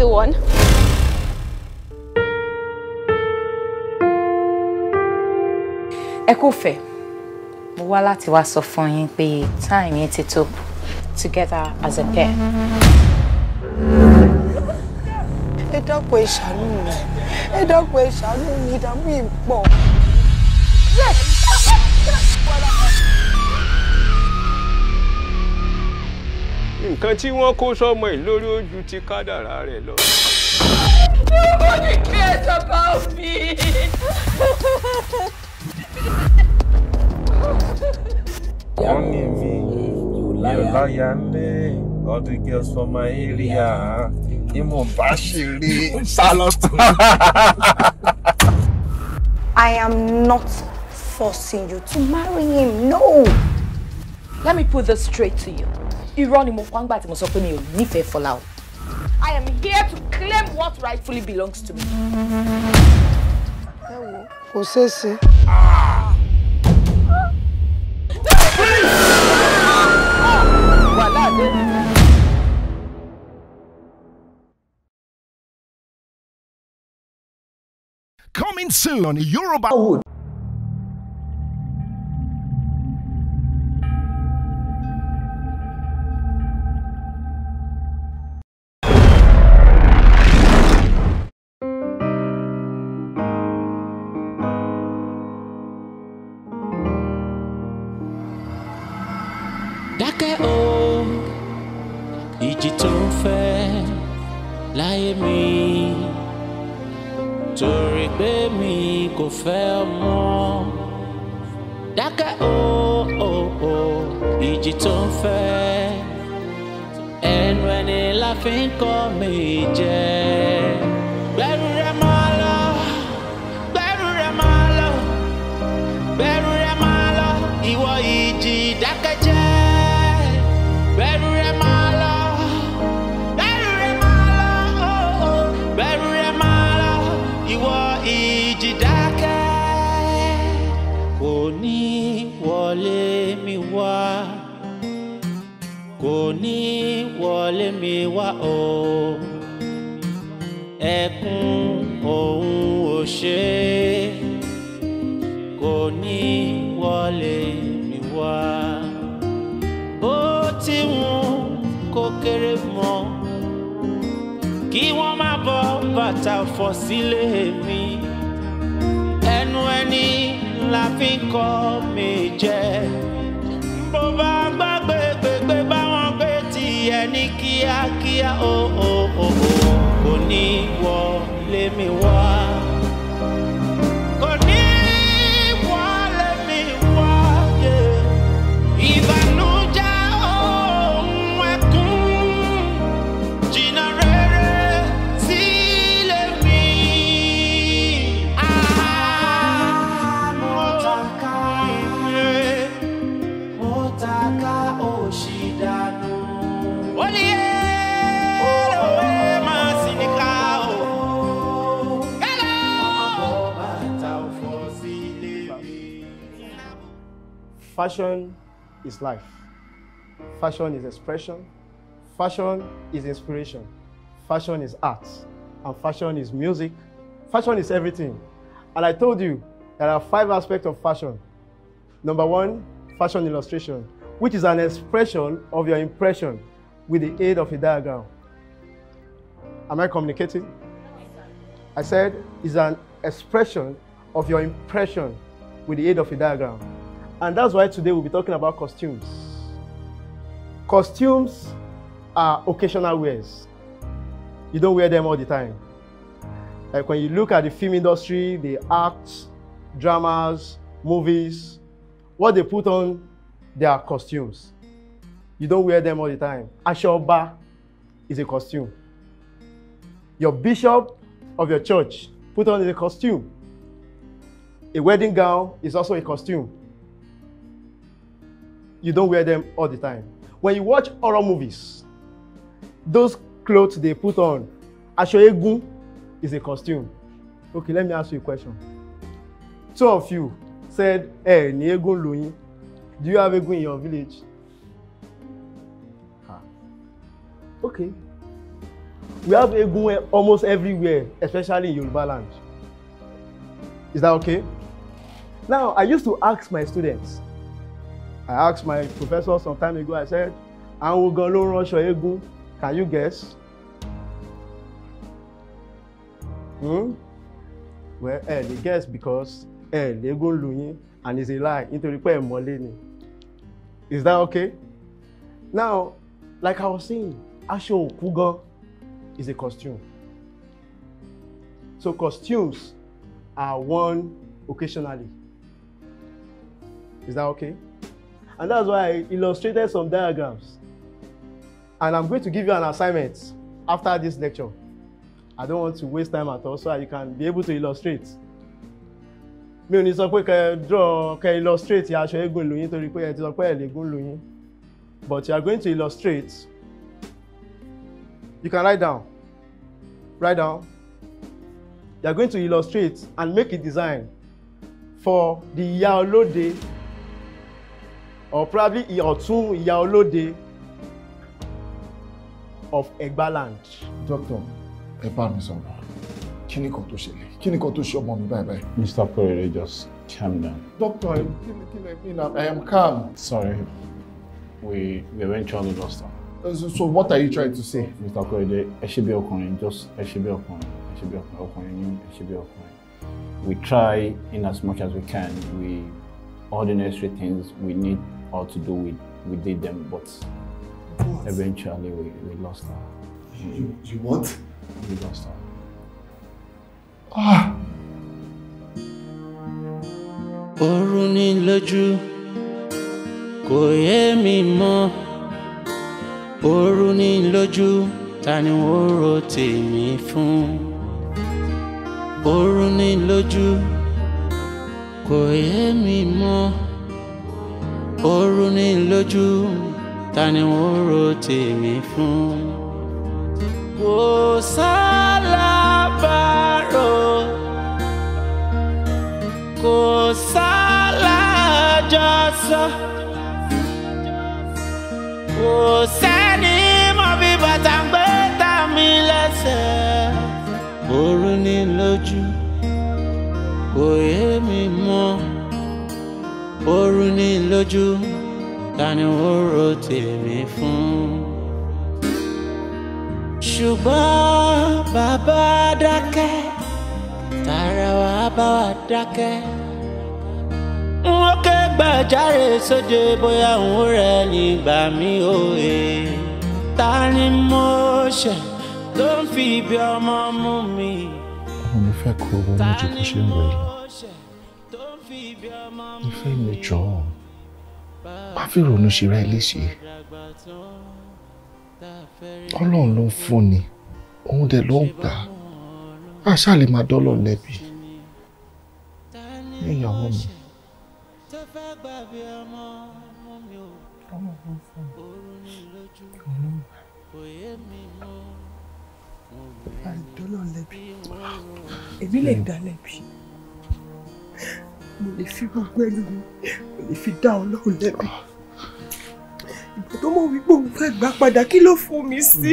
the one. Ẹ kú fẹ́, mo wá láti wá sọ time yín ti to together as a pair. Ẹ dákun ẹ ṣàánú mi, ẹ dákun ẹ ṣàánú mi, ìdààmú yìí pọ̀. Yes! nǹkan tí wọ́n kó sọ́mọ ẹ̀ lórí ojú ti kádàrá rẹ̀ lọ. Nobody cares about me. wọ́n ní mi yóò láyà lé all the girls for my area ni mo bá ṣeré sálọ́tọ̀. I am not forcing you to marry him, no. Let me put this straight to you irọ́ ni mo pa ńgbà tí mo sọ pé mi ò nífẹ̀ẹ́ Fọlá o. I am here to claim what rightfully belongs to me. ẹ wo kò ṣeé ṣe. Coming soon on Yoruba Wood. o ẹkún òun ò ṣe kò ní wọlé mi wá bó ti wù kó kéré mọ́ kí wọ́n má bọ́ bàtà fọ́ sílé mi ẹnu ẹni la fi kọ́ mi jẹ́. Oh oh oh oh, oh Fashion is life. Fashion is expression. Fashion is inspiration. Fashion is art. And fashion is music. Fashion is everything. And I told you there are five aspects of fashion. Number one, fashion illustration, which is an expression of your impression with the aid of a diagram. Am I communicating? I said it's an expression of your impression with the aid of a diagram. And that's why today we'll be talking about costumes. Costumes are occasional wears. You don't wear them all the time. Like when you look at the film industry, the arts, dramas, movies, what they put on they are costumes. You don't wear them all the time. Ashoba is a costume. Your bishop of your church put on a costume. A wedding gown is also a costume. you don't wear them all the time. When you watch horror movies, those clothes they put on, aṣọ is a costume. Okay, let me ask you a question. Two of you said, "Hey, ní eégún lù Do you have eégún in your village? Okay. We have eégún almost everywhere, especially in Yoruba land. Is that okay? Now, I used to ask my students, I asked my professor some time ago, I said, àwọn gan ló ránṣọ eégún, can you guess? Hmm? Well, ẹ lè guess because ẹ léegún lu yín and it's a lie nítorí pé ẹ mọ́lé ni. Is that okay? Now, like I was saying, aṣọ òkú gan is a costume. So costumes are worn occasionally. Is that okay? And that's why I illustrated some diagrams. And I'm going to give you an assignment after this lecture. I don't want to waste time at all so you can be able to illustrate. Mi ò ní sọ pé kẹ́ draw kẹ́ illustrate aṣọ eégún lóyún torí pé ẹ ti sọ pé ẹ lè gún lóyún. But you are going to illustrate. You can write down. Write down. You are going to illustrate and make a design for the Ìyá Olóde or probably ọ̀tún ìyá olóde of Egbaland. doctor ẹ bá mi sọ̀rọ̀ kí ni kan tó ṣẹlẹ̀ kí ni kan tó ṣe ọmọ mi báyìí mr perere just calm down. doctor kí ni kí ni i am calm. sorry we we eventually lost am. Uh, so, so what are you trying to say. mr perere ẹ ṣe bí ọkùnrin just ẹ ṣe bí ọkùnrin ẹ ṣe bí ọkùnrin ọkùnrin ni ẹ ṣe bí ọkùnrin we try in as much as we can we all the necessary things we need how to do we we did them, but what? eventually we, we lost her. You, you, what? We lost her. Ah. Oorun ni lójú mi mọ́ oorun ni lójú ta ni ó ro tèmi fún oorun mi mọ́ ó ni loju, lójú ta ni wọ́n ro tèmi fún. kò sálábàárò kò sálájọsọ kò sẹ́ni mọ̀ bí bàtà ń gbé ta mi lẹ́sẹ̀. ó rú ní lójú kò yé mi mọ́ oru ní lójú ta ni ó ro tèmi fún. ṣùgbọ́n bàbá dákẹ́ tààrà wà bá wà dákẹ́. wọ́n ké gbàjáre sóde bóyá òun rẹ̀ nígbà mí òye. ta ni mo ṣe tó ń fi ibi ọmọ mú mi. ọmọ mi fẹ́ kó owó méjì bó ṣe ń wẹ̀ fẹ́ mi jọ̀ọ́ má fi ronú ṣera ẹ léṣe ọlọ́run ló ń fún ni òun dẹ̀ ló ń gbà á ṣáà lè máa dọ́lọ̀ lẹ́bi ní ìyàwó mi. èmi lè dá lẹ́bi mo lè fi gbogbo ẹnu mi mo lè fi dá ọlọ́run lẹ́bi ìgbà tó mọ̀ wípé òun fẹ́ gbà padà kí ló fún mi sí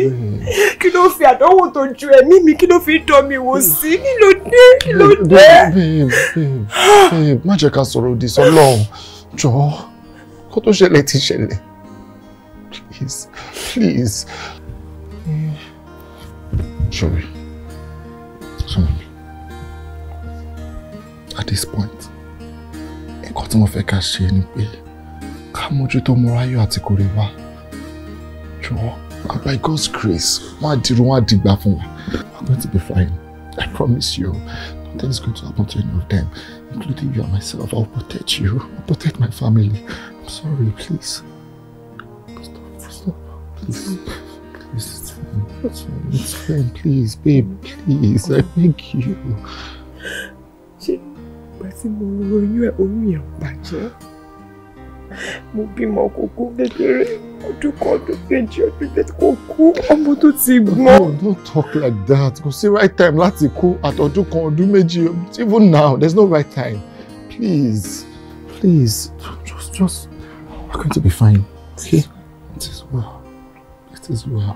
kí ló fi àdánwò tó ju ẹ̀mí mi kí ló fi dán mi wò sí kí ló dé kí ló dé. má jẹ́ ká sọ̀rọ̀ òdì sọ́lọ́run jọ̀ọ́ kó tó ṣẹlẹ̀ ti ṣẹlẹ̀ please please. sorry sorry at this point nǹkan tí mo fẹ́ ká ṣe ni pé ká mójútó Mọ́ráyọ̀ àti Kòríwá jọ̀wọ́ by God's grace wọ́n á dirun wọ́n á dìgbà fún wa we are going to be fine I promise you nothing is going to happen to any of them including you and myself I will protect you I will protect my family I'm sorry please stop stop please please it's fine it's please babe please I beg you tí mo lóyún ẹ̀ oyún yẹn bàjẹ́ mo bímọ kókó kékeré ọdún kan ọdún kejì ọdún kejì kò kú ọmọ tó ti gbọ́n. no don't talk like that kò sí right time láti kú at ọdún kan ọdún méjì even now there is no right time please please just just we are going to be fine okay it is well it is well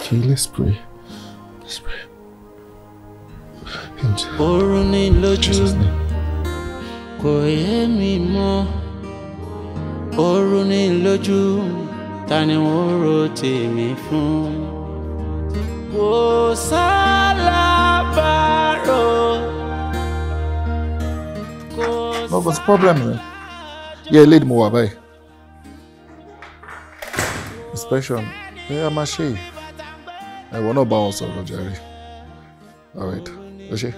okay let's pray let's pray oorun ní lójú kò yé mi mọ́ oorun ní lójú ta ni wọ́n ro tèmi fún kò sálábàárò kò sálábàárò. the problem yẹn? Yẹ́ ilé ìdìbò wà báyìí. Inspection ẹ a máa ṣe yìí. Ẹ̀wọ̀n náà bá wọn sọ̀rọ̀ jàre. All right. O ṣe.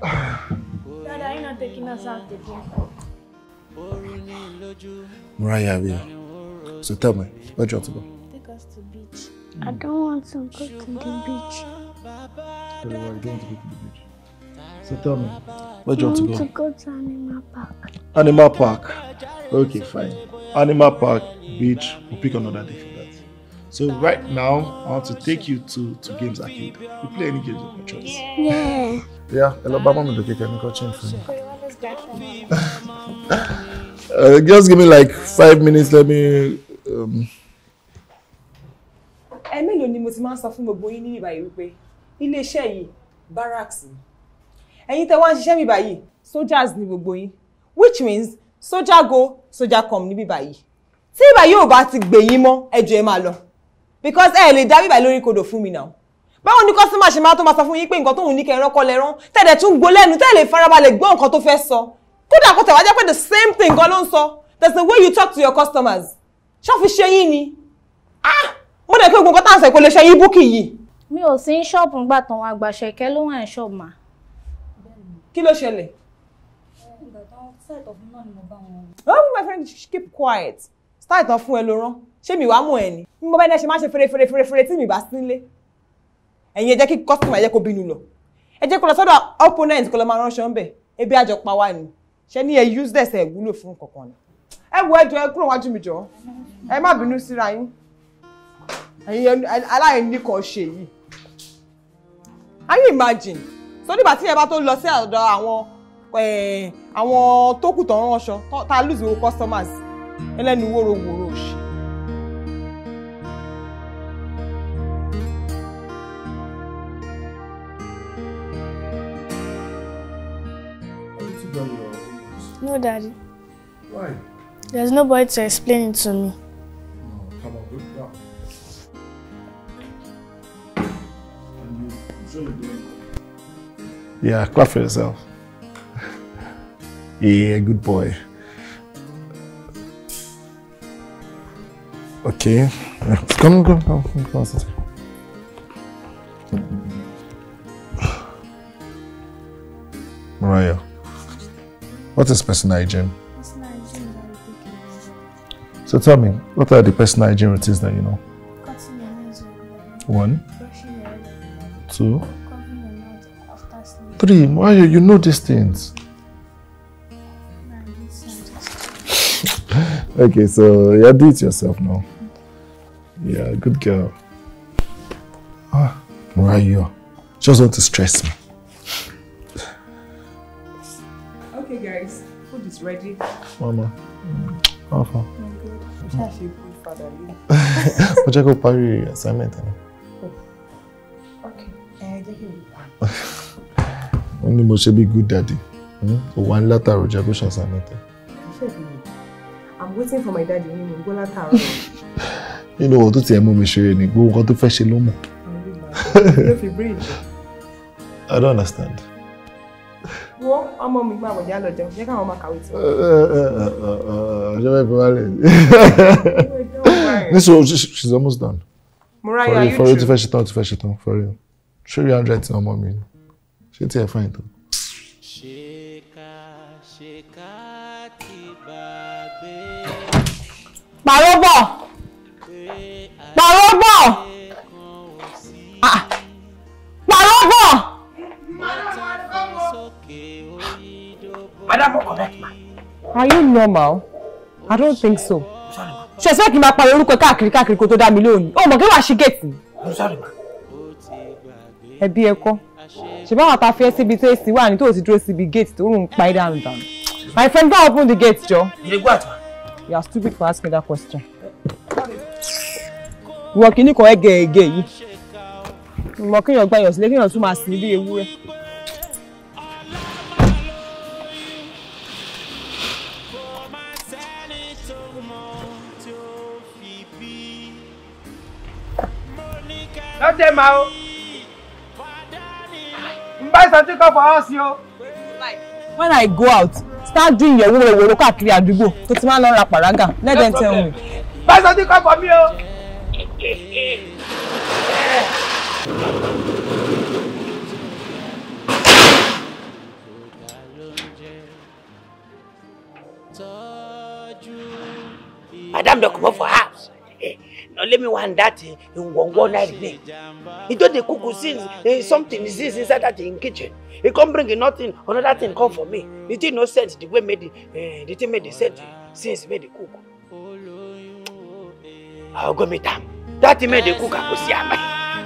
Dada, you're not taking us out again. Mariah, yeah. So tell me, where do you want to go? Take us to beach. Mm. I don't want to go to the beach. Very well, you don't want to go to the beach. So tell me, where do you want to go? I want to go to Animal Park. Animal Park. Okay, fine. Animal Park, beach, we'll pick another day. So right now, I want to take you to, to Games Arcade. You play any games of your choice. Yeah. Yeah, Alabama me the cake and change for you. Uh, just give me like five minutes, let me... Um... Ẹ mélòó ni mo ti máa ń sọ fún gbogbo yín níbi báyìí wípé iléeṣẹ́ yìí barracks ni. Ẹ̀yin tẹ́ wá ń ṣiṣẹ́ mi báyìí soldiers ni gbogbo yín which means soldier go soldier come níbi báyìí. Tí ìbáyìí ò bá ti gbè yín mọ́ ẹjọ́ ẹ máa lọ because ẹ lè dá bíbà lórí kodò fún mi náà báwo ni kọ́símà ṣe máa tó máa sọ fún yín pé nǹkan tóun ní kẹrán kọ́ lẹ́rán tẹ̀dẹ̀ tún gbó lẹ́nu tẹ̀ lè farabalẹ̀ gbọ́ nǹkan tó fẹ́ sọ kódà kó tẹ̀wá jẹ́ pé the same thing gan ló ń sọ that's the way you talk to your customers ṣọ́ọ̀fù ṣe yín ni ah mo dẹ̀ pé gbogbo tá à ń sọ ìkọlẹ̀ ṣe yín búkì yìí. mi ò sí ṣọ́ọ̀bù ńgbà tán wọn àgbàṣe ìkẹ́ ló wà ní ṣọ́ọ̀bù mà. kí ló ṣẹlẹ̀. ìgbà tán sáì tọ̀ fún náà oh my friend keep quiet sáì tán fún ẹ ṣé mi wàá mọ̀ ẹ́ ni bí mo bá dẹ́ ṣe máa ṣe fèrèfèrè fèrèfèrè tí mi bá sí nílé ẹ̀yin ẹ jẹ́ kí customer yẹ kó bínú lọ ẹ jẹ́ kó lọ sọ́dọ̀ opponent kó lọ máa ránṣọ ńbẹ̀ ebi àjọ pa wá ni ṣé ni ẹ useless ẹ wúlò fún kankan ni ẹ wo ẹjọ ẹ kúrò wájú mi jọ ẹ má bínú síra yín ẹ̀yin aláìní kan ṣe yìí ayé imagine sódì ìgbà tí ẹ bá tó lọ sí àdọ̀ àwọn àwọn tó kù tó ń ránṣọ tá a lose wo customers ẹlẹ́nu wóró wòró òṣì. Daddy. Why? There's nobody to explain it to me. No, oh, come on, good girl. Yeah, clap for yourself. yeah, good boy. Okay. Come, come, come, come, come. Mariah. What is personal hygiene? Personal hygiene so tell me, what are the personal hygiene routines that you know? One. Two. Three. Why you, you know these things? okay, so yeah, do it yourself now. Yeah, good girl. Ah, where are you? Just want to stress me. ready. Mama, how far? I'm good. I'm shall see good father. Mo jẹ́ kó parí assignment náà. Oh, okay, ẹ jẹ́ kí n wá. Wọ́n ní mo ṣe bí good daddy. Ó hmm? wá ní látàrọ̀ jẹ́ kó ṣe assignment náà. I'm waiting for my daddy I'm igbó látàrọ̀. Nínú ọ̀rọ̀ tó tiẹ̀ mú mi ṣeré ni gbogbo nǹkan tó fẹ́ ṣe ló mọ̀. Yóò fi bíríìjì. I don't understand wo ọmọ mi gbà wọ̀jà lọ́jọ́ jẹ́ káwọn máa kàwé tiwọn. ọjọ́ bẹ́ẹ̀ fi wá lè. ní so she's almost done. Muraya you too. fọrí ti fẹ́ ṣetán ti fẹ́ ṣetán you. three hundred ti ọmọ mi ṣé tiẹ̀ fine tó. pàrọ̀ bọ̀ pàrọ̀. never correct ma. Are you normal? I don't think so. Ṣé ẹ sọ kí n máa pariwo orúkọ káàkiri káàkiri kó tó dá mi lónìí? Ó mọ̀ kí wàá ṣe géètì. Ẹbí ẹ kọ́. Ṣé báwa ta fi ẹ́ síbi tó èsì wà ní tó ti dúró síbi géètì tó rùn pa ẹ́ dànù My friend go open the gate, jọ. Ìrègbè àtà. You are stupid for asking that question. Ìwọ kìíní kan ẹ̀gẹ̀ẹ̀gẹ̀ yìí. Ìwọ kéèyàn gba ìyọ̀sílẹ̀ kéèyàn tún máa sìn bí ewúrẹ́. ọjẹ ma o n bá ìsọtí kan fọwọ́ sí o. when i go out start doing your wúwo ìwòrò káàkiri àdúgbò tó ti máa ń lọ ra pàrágà let them tell me. bá ìsọtí kan fọ mí o. Madam, don't come over house let me want that ngwongwo eh, na remain. He do the cook since eh, something is inside that in kitchen. He come bring nothing, another thing come for me. It did no sense the way made the, uh, the thing made the sense since made the cook. I'll go meet him. That thing made the cook I go see am.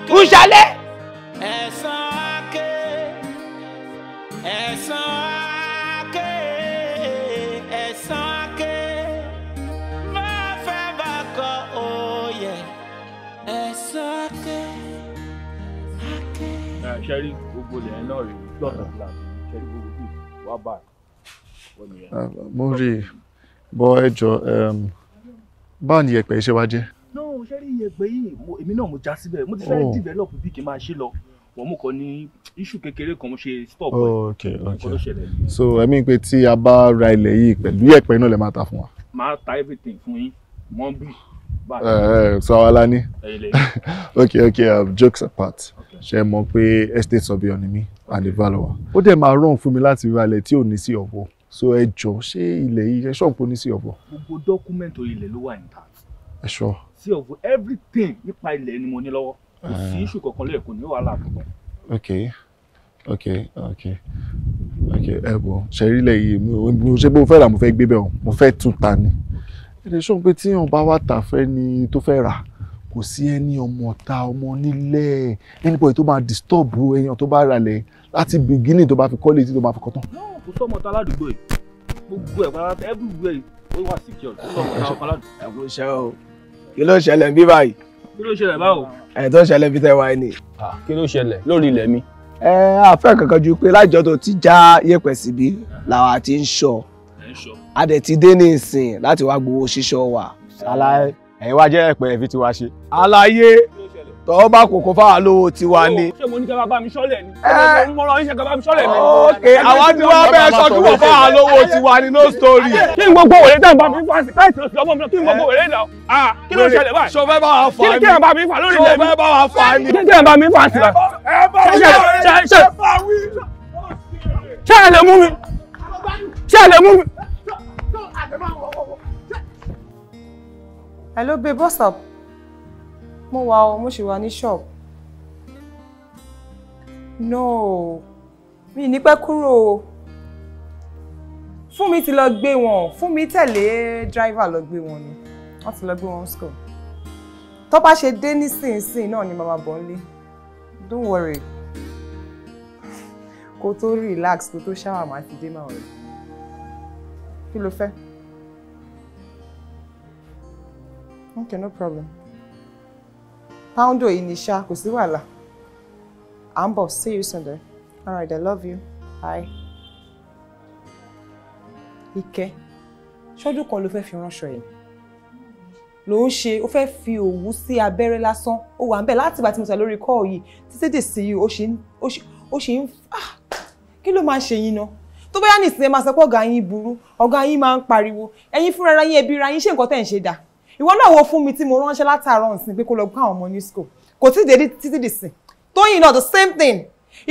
Tunjale. Ẹ̀san ké. Ẹ̀san ṣẹ́rí gbogbo ilẹ̀ náà rèé lọ́tọ̀ fúlà ṣẹ́rí gbogbo bíi wá báyìí wọ́n nìyẹn. Ah, mo rí i bọ́ ẹ jọ ehm, ni yẹ̀pẹ̀ iṣẹ́ wa jẹ́. náà ṣe rí yẹ̀pẹ̀ yìí èmi náà mo já síbẹ̀ mo ti fẹ́ oh. develop bí kì í máa ṣe lọ wọ́n mú kọ ní iṣu kékeré kan mo ṣe stop ẹ̀ okay okay so ẹ mí pé tí a bá ra ilẹ̀ yìí pẹ̀lú yẹ̀pẹ̀ náà lè máa ta fún wa. máa ta everything fún yín mọ́ bí Eh, eh, ẹ sọ àwa la ní ok ok um, jokes apart ṣe mọ̀ pé estate surveyor ni mí and the valuer ó dẹ̀ máa rán fún mi láti ra ilẹ̀ tí ò ní sí ọ̀bọ so ẹ jọ ṣé ilẹ̀ yìí ẹ ṣọ́ọ̀pù ní sí ọ̀bọ. gbogbo dọ́kúmẹ́ǹtì ilẹ̀ ló wà intact. ẹ ṣọ. sí ọ̀bọ everything nípa ilẹ̀ ni mo ní lọ́wọ́ kò sí eh. iṣu kankan lóye kò ní wàhálà kankan. ok ok ok ok ẹ bọ ṣe rí ilẹ̀ yìí mo ṣe bó fẹ́ rà mo fẹ́ gbé bẹ́ẹ̀ o mo fẹ́ tún ta ni. Okay ẹ̀rẹ̀ sọ̀rọ̀ pé tí ọba wa tà fẹ́ ni tó fẹ́ rà kò sí ẹni ọmọ ọ̀tá ọmọ nílẹ̀ anybody tó máa disturb ẹyàn tó bá ralẹ̀ láti beginning tó bá fi kọ́lé tí tó máa fi kọ́ tán. kò sọ ọmọ aládùúgbò yìí gbogbo ẹ̀ pátá everywhere ó wà secure kò sọ ọmọ ọ̀tá aládùúgbò. ẹ kò ṣe o kí ló ṣẹlẹ̀ bí báyìí. kí ló ṣẹlẹ̀ báwo. ẹ tó ṣẹlẹ̀ bí tẹ wá ẹ ni. kí ló ṣẹlẹ̀ lórí ilẹ̀ mi. ẹ àfẹ́ kankan ju pé lájọ tó ti já yẹ̀pẹ̀ síbi làwa ti ń ṣọ. ẹ ń ṣọ a dẹ̀ ti dé ní ìsìn láti wá gbowó ṣíṣọ́ wa. ṣàlàyé ẹ̀yin wá jẹ́ ẹ̀pẹ́ ẹ̀fí tiwa ṣe. àlàyé tọ́wọ́ bá kòkó fáwa lówó tiwa ni. ṣé mo ní kí a bá mi ṣọ́lẹ̀ ni. ẹ ẹ mo rọ iṣẹ́ kí a bá mi ṣọ́lẹ̀ ni. ok àwa tí wọ́n bẹ́ẹ̀ sọ kí wọ́n fáwa lówó tiwa ni no story. kí n gbogbo wèrè tẹ̀ ń bá mi fà sí káyìí tó ọmọ mi kí n gbogbo wèrè lọ. Ah, kí ló ṣẹlẹ̀ báyìí. ṣọfẹ́ bá wa fà ni. kí n bá mi fà lórí ilẹ̀ mi. ṣọfẹ́ bá wa fà ni. kí n bá mi fà sí la. ẹ bá wí ṣe ṣe ṣe ṣe ṣe ṣe ṣe ṣe ṣe ṣe hello babe what's up mo wà o mo ṣì wa ni shop no mi ní pẹ́ kúrò o fún mi ti lọ gbé wọn fún mi tẹ̀lé driver lọ gbé wọn ni wọ́n ti lọ gbé wọn school tó bá ṣe dé nísinsìnyí náà ni mama bọ̀ ń don't worry kó tó relax kó tó shower máa ti dé máa rẹ̀ kí ló fẹ́. okay no problem poundo yìí ni ṣá kò sí see you Sunday. All right, i love you bye. ike ṣọ́dún kan ló fẹ́ fi ránṣọ yìí ló ń ṣe ó fẹ́ fi òwú sí abẹ́rẹ́ lásán ó wà ń bẹ̀ láti ìgbà tí mo sà lórí kọ́ọ̀ yìí títí dè sí yìí ó ṣe ń ah! kí ló máa ń ṣe yín náà tó bá yá nìsín ẹ máa sọ pé ọ̀gá yín burú ọ̀gá yín máa ń pariwo ẹ̀yin fúnra ara yín ẹbí ra yín ṣé nǹkan tẹ̀ ń ṣe dáa ìwọ náà wo fún mi tí mo ránṣẹ́ látàárọ̀ nsìn pé kó lọ gbá àwọn ọmọ ní school kò tí ì dé títí dìsìn tóyìn náà the same thing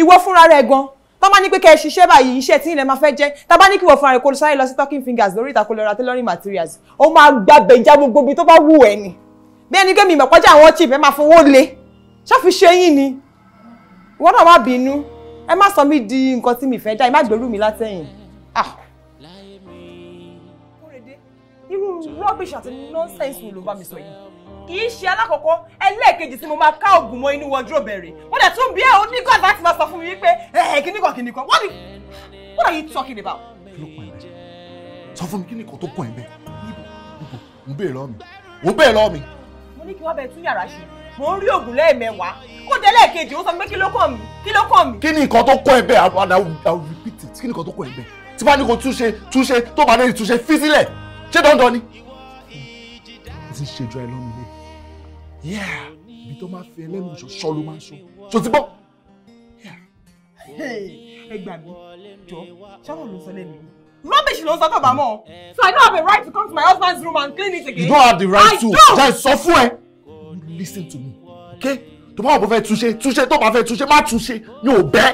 ìwọ fúnra rẹ gan tó bá ní pé kẹ́ ẹ ṣiṣẹ́ báyìí iṣẹ́ tí ilẹ̀ máa fẹ́ jẹ́ tá a bá ní kí wọ́n fúnra rẹ̀ kó sáré lọ sí talking fingers lórí ìtàkùn lọ́ra tailoring materials ó máa gba bẹ̀jà gbogbo ibi tó bá wù ẹ́ ni bí ẹni gẹ́mi ìmọ̀pọ́jà àwọn chief ẹ máa fowó lé ṣáfi ṣe yín ni ìwọ náà má bínú ẹ má sọ mí di nǹkan tí mi fẹ́ dá ẹ má gbèrú mi látẹ̀yìn ah rubbish àti nonsense wo ló bá mi sọ yìí kì í ṣe alákọ̀ọ́kọ́ ẹlẹ́ẹ̀kejì tí mo máa ká ògùn mọ́ inú wardrobe rẹ̀ wọ́n dẹ̀ tún bí ẹ̀ onígbà láti máa sọ fún mi wípé ẹ̀ kíníkan kíníkan what the what are you talking about. kí ló pọ̀ ẹ̀ bẹ́ẹ̀ sọ fún mi kí ni kò tó pọ̀ ẹ̀ bẹ́ẹ̀ níbo níbo ń bèèrè lọ́ọ̀ mi ò bèèrè lọ́ọ̀ mi. mo ní kí wọ́n bẹ tún yàrá ṣe mo ń rí ògùn lẹ́ẹ̀mẹwàá kó dé lẹ́ẹ̀kejì ó sọ i will repeat it kí ni nǹkan tó kọ ẹ bẹ́ẹ̀ tí bá ní kò túnṣe ṣé dandan ni. mo ti ṣèjọ ẹ lọ́nu lé ibi tó máa fi ẹlẹ́nu ṣọṣọ ló máa ń sọ ṣò ti bọ́. ẹ gbà mí jọ ṣáwọn ló sọ lẹ́nu Rubbish ló ń sọ tó bá mọ́. So I don't have a right to come to my husband's room and clean it again. You don't have the right I to. I don't. sọ fún ẹ. Listen to me, okay? Tó bá wà bó fẹ́ túnṣe, túnṣe tó bá fẹ́ túnṣe, má túnṣe, mi ò bẹ́.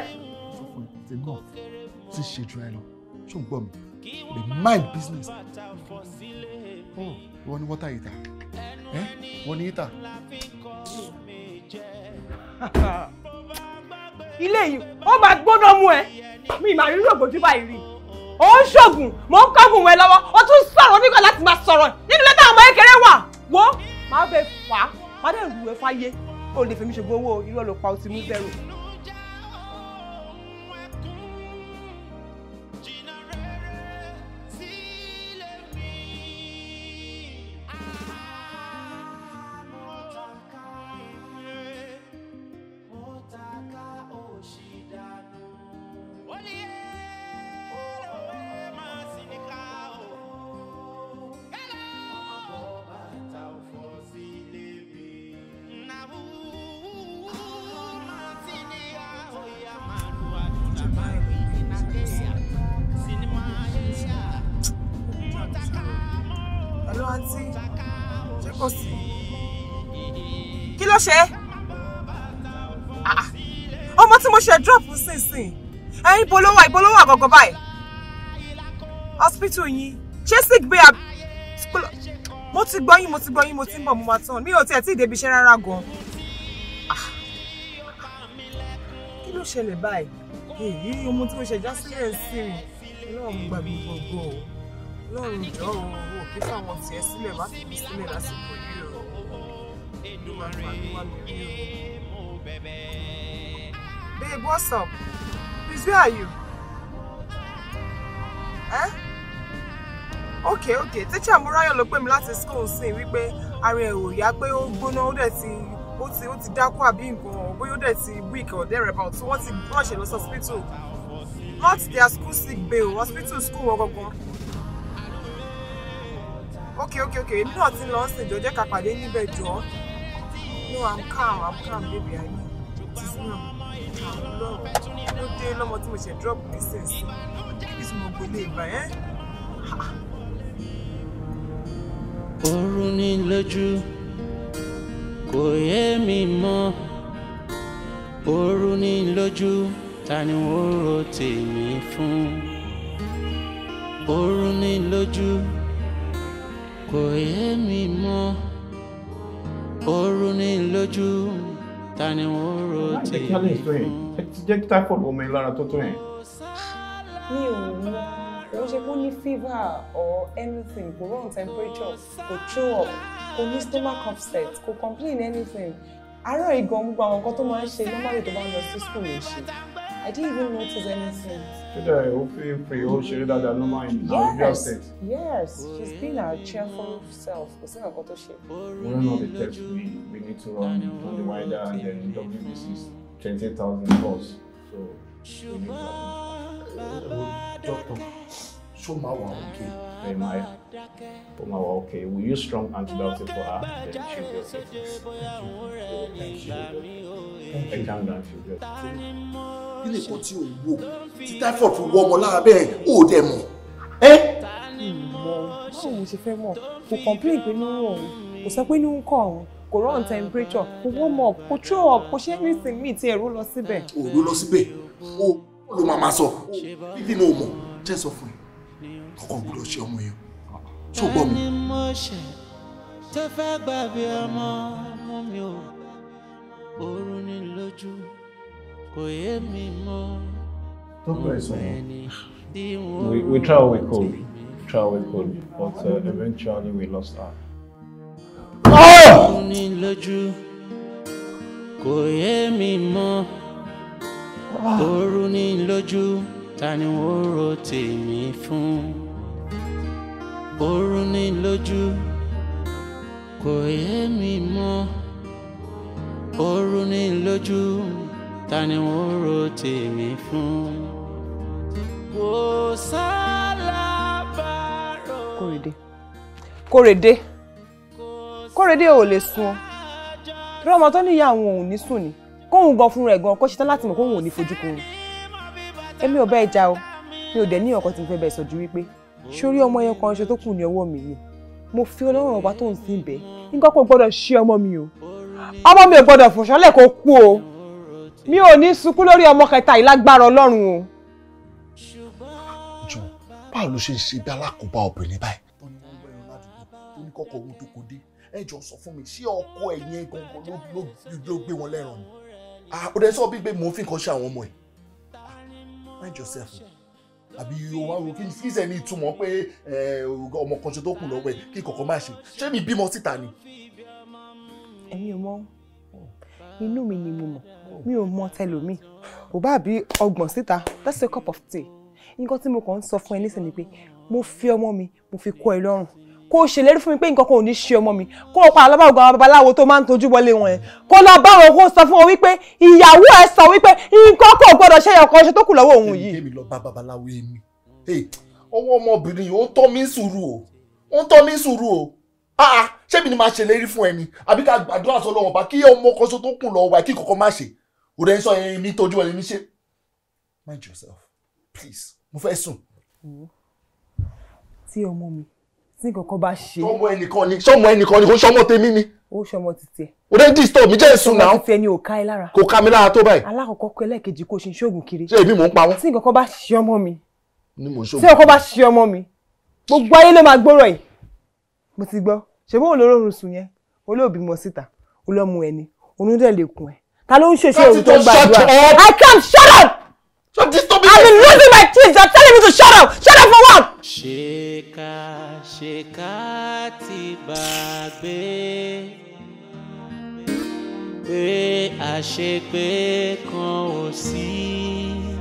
Sọ fún ẹ, ti náà ti ṣe jù ẹ lọ, ṣó ń gbọ́ mi? they mind business hmm. wọ́n ní water heater eh? wọ́n ní heater. ilé yìí ó máa gbọ́dọ̀ mú ẹ mi ìmọ̀ àrírí ògbójú báyìí rí ó ń ṣògùn mò ń kọ́gùn ẹ lọ́wọ́ ó tún sọ̀rọ̀ nígbà láti máa sọ̀rọ̀ nínú lẹ́tà ọmọ kékeré wà wo máa bẹ fà á má dẹ̀ rú ẹ fáyé ó lè fẹ́mi ṣògbọ́n owó irú ọ̀lọ́pàá ó ti mú bẹ̀rù. ṣe drop sínsìn ẹyin polówó ìpolówó àgọ́gọ́ báyìí hospital yín ṣé sick bay àbí mo ti gbọ́ yín mo ti gbọ́ yín mo ti ń bọ̀ mo máa tán mi ò tiẹ̀ tí ì débi iṣẹ́ rárá gan-an ah. kí ló ṣẹlẹ̀ báyìí èyí ọmọ tí mo ṣẹ̀dá sílẹ̀ sí i lọ́run gbàgbé gbogbo o lọ́run jọ o ò kí fáwọn tiẹ̀ sílẹ̀ má fi mí sílẹ̀ lásìkò yìí o ló máa ń pa mí wá mi rí o. Babe, what's up? Please, where are you? Eh? Okay, okay. Teacher Murayo ló pè mí láti school sí wípé ara ẹ̀ ò yá pé ó gbóná ó dẹ̀ ti ó ti ó ti dákú what nǹkan ọ̀ bóyá ó dẹ̀ ti weak or thereabout so wọ́n ti wọ́n ṣe lọ sí hospital not their school sick bay o hospital school wọn gangan. Okay, okay, okay. Not in ti lọ ń sìn jọ jẹ́ No, I'm calm, I'm calm, baby. I know. It is now ló dé lọ́mọ tí mo ṣe drop business bí tí mo gbélé ìgbà yẹn. oorun ní lójú kò yé mi mọ́ oorun ní lójú ta ni wọ́n ro tèmi fún oorun ní lójú kò yé mi mọ́ oorun ní lójú ta ni wọ́n rò tí fún. jẹ́ kí typhoid wọ ọmọ yẹn lára tó tó yẹn. mi ò mọ kò ṣe kó ní fever or anything kò run temperature kò throw up kò ní stomach upset kò complain anything àárọ̀ ìgàn àwọn nǹkan tó máa ń ṣe normally tó bá ń lọ sí school ló ṣe. I didn't even notice anything. Should I hope for you, she read that normal in yes. the Yes, she's been her cheerful self. We're not the test we, we need to run on the wider and then WBC is 20,000 plus. So, we need to uh, Doctor, show my one, okay? Hey, Maya. Oh, my, okay. We use strong antibiotic for her, then she will be okay. Thank you. Thank you. Thank you. Thank you. Thank you. Thank you kí ni nǹkan tí ò ń wò tí typhoid fi wọ ọmọ lára bẹ́ẹ̀ ò dẹ̀ mọ̀ ẹ́. ìmọ̀ báwo mo ṣe fẹ́ mọ̀ kò complain pé ní wọ̀n kò sọ pé ní ń kọ̀ ọ̀hún kò run temperature kò warm up kò throw up kò ṣe anything míì tí ẹ̀rú lọ síbẹ̀. ò ló lọ síbẹ̀ o ló máa máa sọ bíbí ni o mọ̀ jẹ́ sọ fún ẹ kọ́kọ́ gbọ́dọ̀ ṣe ọmọ yẹn tó gbọ́ mi. tẹ́fẹ́ gbàgbé ọmọ mú mi ò oorun ní lójú we, we try what we could try what we could but uh, eventually we lost her. Ah! kò yé mi mọ́ òru ah! ni lójú ta ni wọ́n ro tèmi fún. kò sálábàárò. kórèdé kórèdé kórèdé ò lè sun ọ torí ọmọ tó níyà àwọn òun ní sùn ni kóun gan fúnra ẹ̀ gan kó ṣetán láti mọ̀ kóun ò ní fojú kan èmi ò bẹ́ẹ̀ já o mi ò dẹ̀ ní ọkọ tí mo fẹ́ bẹ̀ sọ̀jú wípé sórí ọmọ yẹn kan ṣe tó kù ní ọwọ́ mi ni mo fi ọlọ́run ọba tó ń sìn bẹ́ẹ̀ nǹkan kò gbọ́dọ̀ ṣí ọmọ mi o ọmọ mi ò gbọ́dọ̀ fòṣọ́lẹ̀ kó kú o mi ò ní sunkún lórí ọmọ kẹta yìí lágbára ọlọ́run o. jù báwo ló ṣe ń ṣe bí alákòóbá obìnrin báyìí. tó ní wọ́n gbẹ̀rún ládùúgbò tó ní kọ́kọ́ owó tó kó dé ẹ jọ sọ fún mi ṣé ọkọ ẹ̀yìn gangan ló gbé wọn lẹ́ràn ni. ó dẹ sọ gbígbé mò mind yourself Abi owó àwọn kí n fi ṣe ní ìtumọ̀ pé ọmọ kan ṣe tó kù lọ́wọ́ ẹ̀ kí kọ̀ọ̀kan má ṣe ṣé mi bímọ síta ni. ẹ̀yin ò Inu mi ni mo mi ò mọ tẹlòmíì ò bá bí ọgbọ̀n síta that's a cup of tea nǹkan tí mo kàn ń sọ fún ẹ nísìnyí pé mo fi ọmọ mi mo fi kọ́ ẹ lọ́rùn kó o ṣèlérí fún mi pé nǹkan kan ò ní ṣe ọmọ mi kó o pa alábàgbà àwọn babaláwo tó máa ń tojú wọlé wọn ẹ kó lọ bá wọn kó sọ fún wọn wípé ìyàwó ẹ sọ wípé nǹkan kan ò gbọdọ̀ ṣe ẹyọ kan ṣe tó kù lọ́wọ́ òun yìí. èmi lọ bá babaláwo èmi ọwọ́ ọmọbìnrin yìí ó tọ́ mí sùúrù o ó tọ́ mí sùúrù o ah, ah, ṣé mi ni máa ṣèlérí fún ẹni àbí ká gbàdúrà sọ lọ́wọ́ bá kí ọmọ kan ṣo tó kù lọ́wọ́ bá kí kọ̀ọ̀kan má ṣe ò dẹ́ sọ yẹn mi tọ́jú ẹni mi ṣe mind yourself please mo fẹ́ sùn. tí ọmọ mi tí kankan bá ṣe. sọmọ ẹnìkan ni sọmọ ẹnìkan ni kò sọmọ tèmi ni. ó sọmọ títí ẹ. o dé disturb mi jẹ́ ìsun náà. sọmọ títí ẹ ni ò ká ẹ lára. kò ká mi lára tó báyìí. alákọ̀ọ́kọ́ kọ ẹlẹ́ẹ̀kejì kò ṣe ń ṣoògùn kiri. ṣé èmi mò ń pa wọn. tí kankan bá ṣe ọmọ mi. ni mò ń ṣoògùn. tí kankan bá ṣe ọmọ mi. gbogbo ayé ló máa gbọ́rọ̀ yìí. mo ti gbọ́ ṣe bó olóró sùn yẹn olóòbí mọ síta olómù ẹni onúdẹ̀ lè ta ló ń ṣe ṣe òun gbàdúrà I come shut up Stop disturbing losing my teeth. They're telling me to shut up. Shut up for what? Ṣèkà ṣèkà ti gbàgbé pé àṣepé kan ò sí.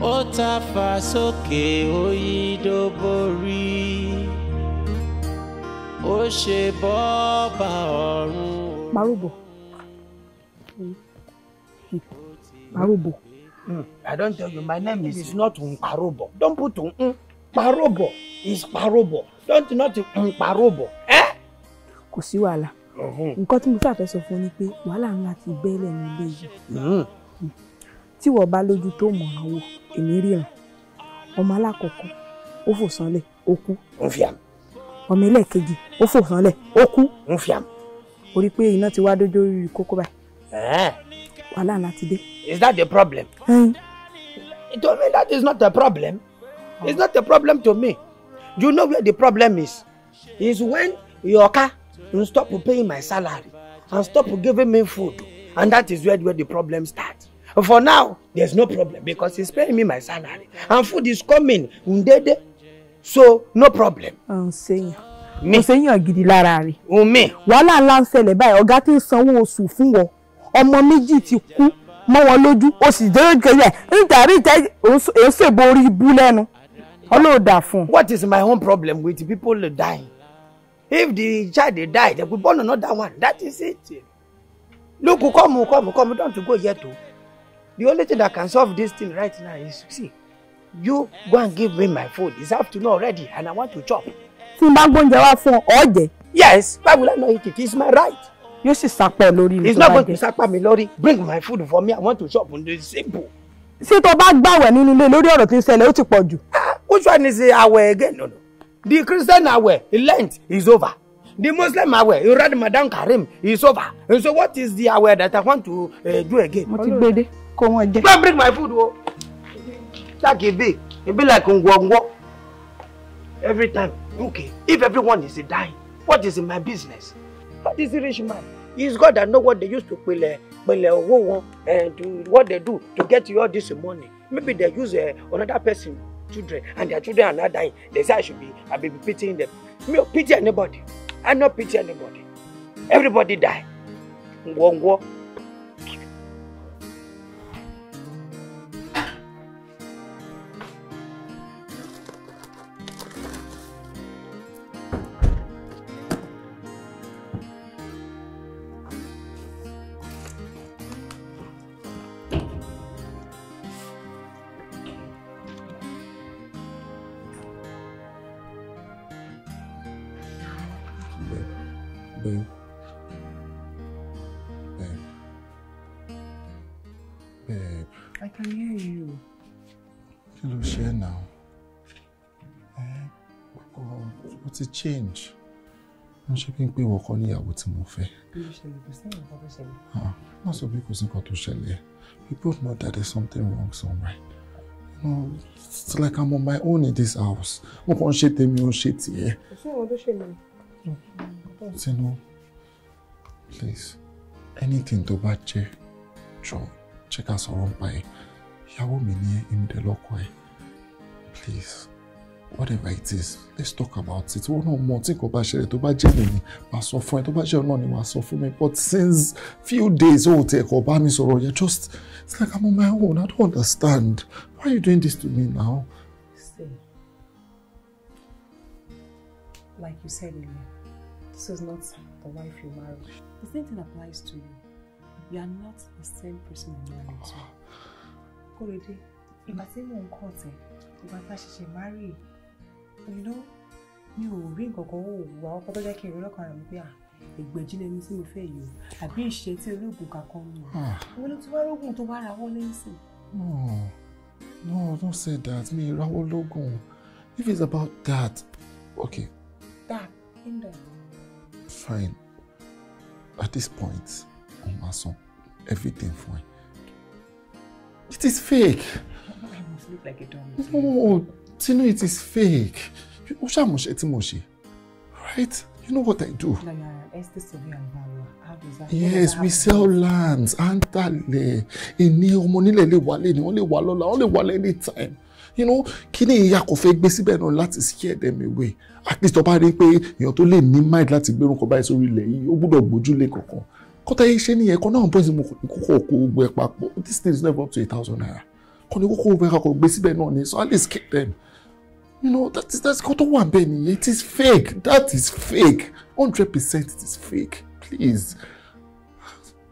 Ó ta fà sókè ó yí dóborí. Ó ṣe bọ́ bá ọ̀run. Màrúbọ̀. Parobo. Mm. Hmm. I don't tell you, my name is, is not Nkarobo. Don't put N. Parobo is Parobo. Don't not Nkarobo. Eh? Kò sí wàhálà. Uh-huh. Nǹkan tí mo fẹ́ àfẹ́ sọ fún ni pé wàhálà ńlá ti bẹ́ẹ̀lẹ̀ ní ilé yìí. Hmm. Hmm. Tí wọ́n bá lójú tó mọ̀ràn wò, èmi ríran. Ọmọ alákọ̀ọ́kọ́, ó fò sánlẹ̀, ó kú. Ń fi àmì. Ọmọ ẹlẹ́ẹ̀kejì, ó fò sánlẹ̀, ó kú. Ń fi àmì. Orí pé iná ti wá dójú orí kókó báyìí. Eh? wàhálà ti dé. is that the problem. Mm. to me that is not a problem oh. it's not a problem to me you know where the problem is is when your car you stop paying my salary and stop giving me food and that is where where the problem start for now there is no problem because he is paying me my salary and food is coming ndede so no problem. ọ̀sẹ̀yìn ọ̀sẹ̀yìn ọ̀gidi lára rẹ̀. wàhálà ńlá ń ṣẹlẹ̀ báyìí ọ̀gá tí ń sanwó oṣù fún wọn ọmọ méjì ti kú mọ́ wọn lójú o sì dé ojú kejì nítorí ìtẹ́ èyí ṣègbò orí ibú lẹ́nu ọlọ́ọ̀dà fún. What is my own problem with people dying? If the child dey die they go born another one that is it. Look come come come don't go yet o. Oh. The only thing that can solve this thing right now is see you go and give me my food it's afternoon already and I want to chop. Tí n bá gbóúnjẹ wá fún ọ, ọ̀ọ́ jẹ. Yes, why will I not eat it? It's my right yóò sì sápẹ́ lórí ìtura jẹ. it's not going to sápá mi lórí bring my food for me i want to shop in the simple. ṣé tó bá gbàwẹ̀ nínú ilé lórí ọ̀rọ̀ tó ń ṣẹlẹ̀ ó ti pọ̀ jù. Ah, which one is awẹ again no no the christian awẹ lent is over the muslim awẹ in Madam karim is over and so what is the awẹ that i want to uh, do again. mo ti gbede kó wọn jẹ. go bring my food o. ṣáàkì bíi e be like ngwongwo every time okay if everyone is dying what is my business what is the rich man Is God that know what they used to pele pele owó wọn and what they do to get all this money. Maybe they use uh, another person children and their children are not dying. They say I should be I be pitying them. Me pity anybody. I no pity anybody. Everybody die. Ngwo ngwo change wọ́n ṣe pé wọ́n kọ́ níyàwó tí mo fẹ́. Ah, má sọ pé kò sí nǹkan tó ṣẹlẹ̀ we both know that there's something wrong somewhere. You know, it's like I'm on my own in this house. mo kàn ń ṣe tèmi ó ń ṣe tiẹ̀. kò sí àwọn tó ṣe Tinu please anything tó bá jẹ́ jọ jẹ́ ká sọ̀rọ̀ nípa ẹ̀ ìyàwó mi ni ẹ̀ ìmúdẹ́lọ́kọ̀ ẹ̀ please whatever it is let's talk about it wọn náà more! Think about sharing ṣẹlẹ̀ tó bá jẹ́ mi ni màá sọ fún ẹ tó bá but since few days old, tẹ ẹ̀kọ́ bá mi sọ̀rọ̀ yẹn just it's like I'm on my own I don't understand why you doing this to me now. See, like you said earlier this is not the wife you married. the same thing applies to you you are not the same person you married to. Kóredé ìgbà tí mò ń kọ̀ tẹ̀ ìgbà tá a ṣẹ̀ṣẹ̀ marry you know mi ò rí nǹkan kan ó wù àwọn kan tó jẹ́ kí n rí lọ́kàn rẹ̀ mú pé à ìgbẹ́jí lẹni tí mo fẹ́ yìí o àbí ìṣe tí olóògùn kankan mi o hmm. wọn ló ti wá lóògùn tó wá rawọ́ lẹ́sìn. no hmm. no don't say that Me rawọ́ lóògùn if it's about that okay. that in there. fine at this point mo máa san everything fine. it is fake. I must look like a dumb. no you know it is fake ó ṣàmọ̀ṣẹ́ tí mo right you know what I do. yes we sell lands antalẹ ìní ọmọ nílẹ̀ lè wà lẹ́ni wọ́n lè wà lọ́la time you know kini ìyá kò fẹ́ gbé síbẹ̀ náà láti scare them away at least to rí i pé èèyàn tó lè ní mind láti gbérun kọ báyìí sórí ilẹ̀ yìí ó gbọ́dọ̀ gbójúlé kankan kọ́tà yìí ṣe nìyẹn kan náà bọ́sì kókó òkú gbogbo ẹ̀ papọ̀ this thing is never up to a thousand naira kọ́ni kókó òkú ẹ̀ kakọ̀ gbé síbẹ̀ náà ni so at least scare them. You know, that is, that's Koto Wambeni. It is fake. That is fake. 100% it is fake. Please.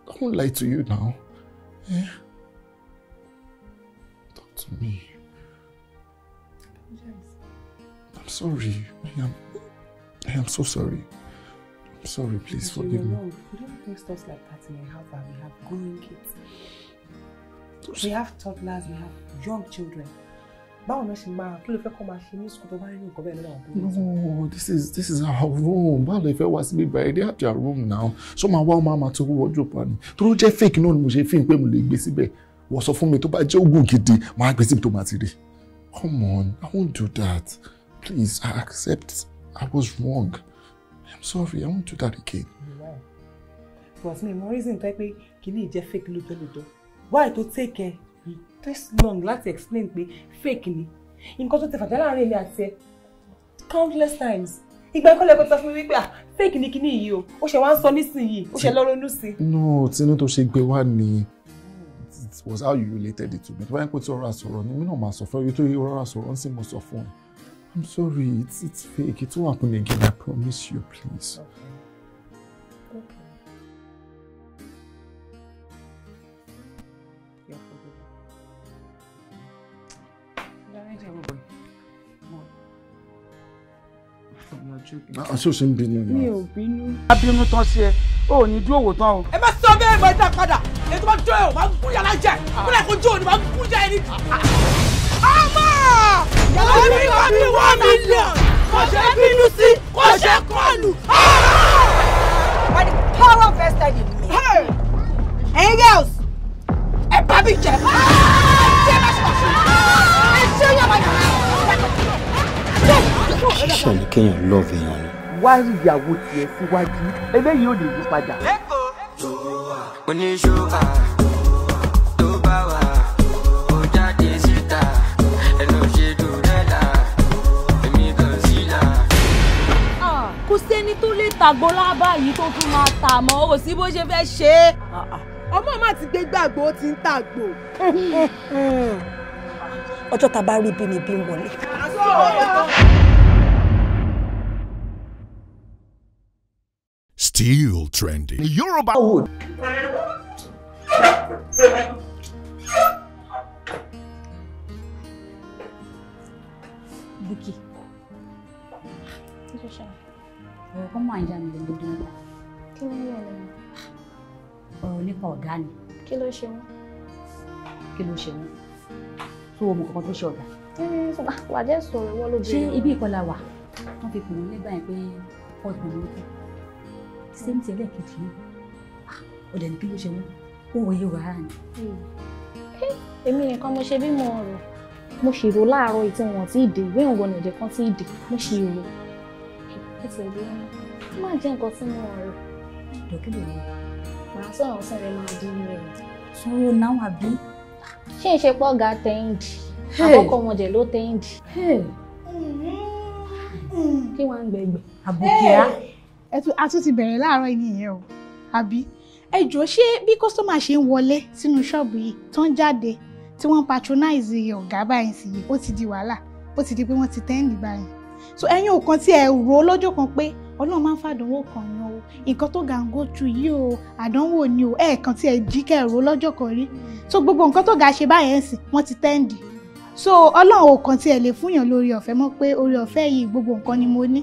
I won't lie to you now. Eh? Talk to me. I'm sorry. I am, I am so sorry. I'm sorry, please but forgive you know, me. You don't think stuff like that in a house that we have growing kids. We have toddlers, we have young children. báwo náà ṣe máa kí ló fẹ́ kọ́ máa ṣe ní sùkúl tó bá rí nǹkan bẹ́ẹ̀ lọ́wọ́ àwọn no this is this is our room báwo lè fẹ́ wá síbí báyìí they have their room now so máa wá ọmọ àmà tó wọ́jọ́ pa ni tó ló jẹ́ fake náà ni mo ṣe fi hàn pé mo lè gbé síbẹ̀ wọ́n sọ fún mi tó bá jẹ́ oògùn gidi máa gbé síbi tó máa ti rí come on i won't do that please i accept i was wrong i'm sorry i won't do that again. but mi mo reason tẹ́ pé kì í ní ìjẹ́ fake lójoojúmọ́ why to take care takes long láti explain pé fake ni nǹkan tó ti fàjà láàrin èmi àti ẹ countless times ìgbà ẹ̀kọ́ lẹ́kọ̀ọ́ sọ fún mi wípé ah, fake ni kíní yìí o ó ṣe wá ń sọ nísìnyìí ó ṣe lọ́rọ́ inú sí. no tinú tó ṣe gbé wá ni it was how you related it to me tó bá yẹ pé tí ọ̀rọ̀ àsọ̀rọ̀ ni mí náà máa sọ fún ẹ tó yẹ ọ̀rọ̀ ń sì mo sọ fún ẹ i'm sorry it's it's fake it won't happen again i promise you please. Okay. Okay. ojú mi. aṣọ ah, ṣe ń bínú ni. mi ò bínú. a bínú tán sí ẹ o ò ní dúró wò tán o. ẹ bá sọ bẹ́ẹ̀ bá dá padà èyí tó bá jó ẹ o máa ń kú yàrá jẹ kúlẹ̀ kó jó o ni máa ń kú jẹ ẹni. ọmọ yàrá mi wà mí wà mí lọ kò ṣe bínú sí kò ṣe kọlù. by the power vested in me. ẹ̀yin girls ẹ bá mi jẹ. Ah! ẹ jẹ́ bá ṣe bá ṣe. ẹ ṣe yàrá yàrá ṣíṣà ni kéèyàn lọ́ọ̀fù èèyàn ni. wá rí ìyàwó tiẹ̀ síwájú eléyìí ò lè yí padà. oníṣòwò tó bá wà ó jáde síta ẹnu ṣe dùrẹ́là èmi kan sílà. kò sẹ́ni tó lè tàgbọ́lá báyìí tó tún máa tà mọ́ ò sí bó ṣe fẹ́ ṣe é ọmọ má ti gbé gbàgbó ó ti ń tàgbò. ọjọ́ tá a bá rí bínibí wọlé. still trendy. Yoruba wood. Vicky. Ọ̀rọ̀ kan máa ń já mi lẹ́nu dúró. Kí ló ń yẹ lẹ́nu? Ọ̀rọ̀ nípa ọ̀gá ni. Kí ló ṣe wọ́n? Kí ló ṣe wọ́n? Tó o mọ kankan tó ṣe ọ̀gá. Hmm, Wàjẹ́ sọ̀rọ̀ wọ́n ló bí. Ṣé ibi ìkọlà wà? Wọ́n fi pè mí nígbà yẹn pé pọ́ọ̀tù ló kù same ti ẹlẹ́ẹ̀kejì yìí ọ̀dẹ̀ ní kí ló ṣe wọ́n òun òye wà á ni. èmi nìkan mo ṣe bí mo rò mo ṣì rò láàárọ̀ ìtí wọn tí ì ìwé ìwọ ni ọ̀dẹ̀ kan tí ì mo ṣì rò ẹsẹ̀ ìlú wọn máa jẹ́ nǹkan tí mo rò. mi. màá sọ̀rọ̀ ọ̀sán máa di rẹ̀. sanwó náà wà bí. ṣé ìṣe pọ̀ ga tẹ́ǹdì àkọ́kọ́ wọn jẹ̀ ló tẹ́ǹdì. kí wọ́n á gbẹ̀gbẹ̀. àbùkù á a tún ti bẹ̀rẹ̀ láàárọ̀ yìí nìyẹn o àbí ẹ jọ̀ọ́ ṣé bí kọ́sọ́mà ṣe ń wọlé sínú ṣọ́ọ̀bù yìí tó ń jáde tí wọ́n patronize ọ̀gá báyìí sí yìí ó ti di wàhálà ó ti di pé wọ́n ti tẹ́ǹdì báyìí so ẹ̀yin ò kan tí ẹ rò lọ́jọ́ kan pé ọlọ́run máa ń fàdánwò kàn yín o nǹkan tó ga ń go tu yìí o àdánwò ni o ẹ̀ẹ̀kan tí ẹ jí kẹ́ ẹ rò lọ́jọ́ kan rí so gbogbo nǹkan tó ga ṣe báyẹn sì wọ́n ti tẹ́ǹdì so ọlọ́run ò kan tí ẹ lè fúnyàn lórí ọ̀fẹ́ mọ́ pé orí ọ̀fẹ́ yìí gbogbo nǹkan ni mo ní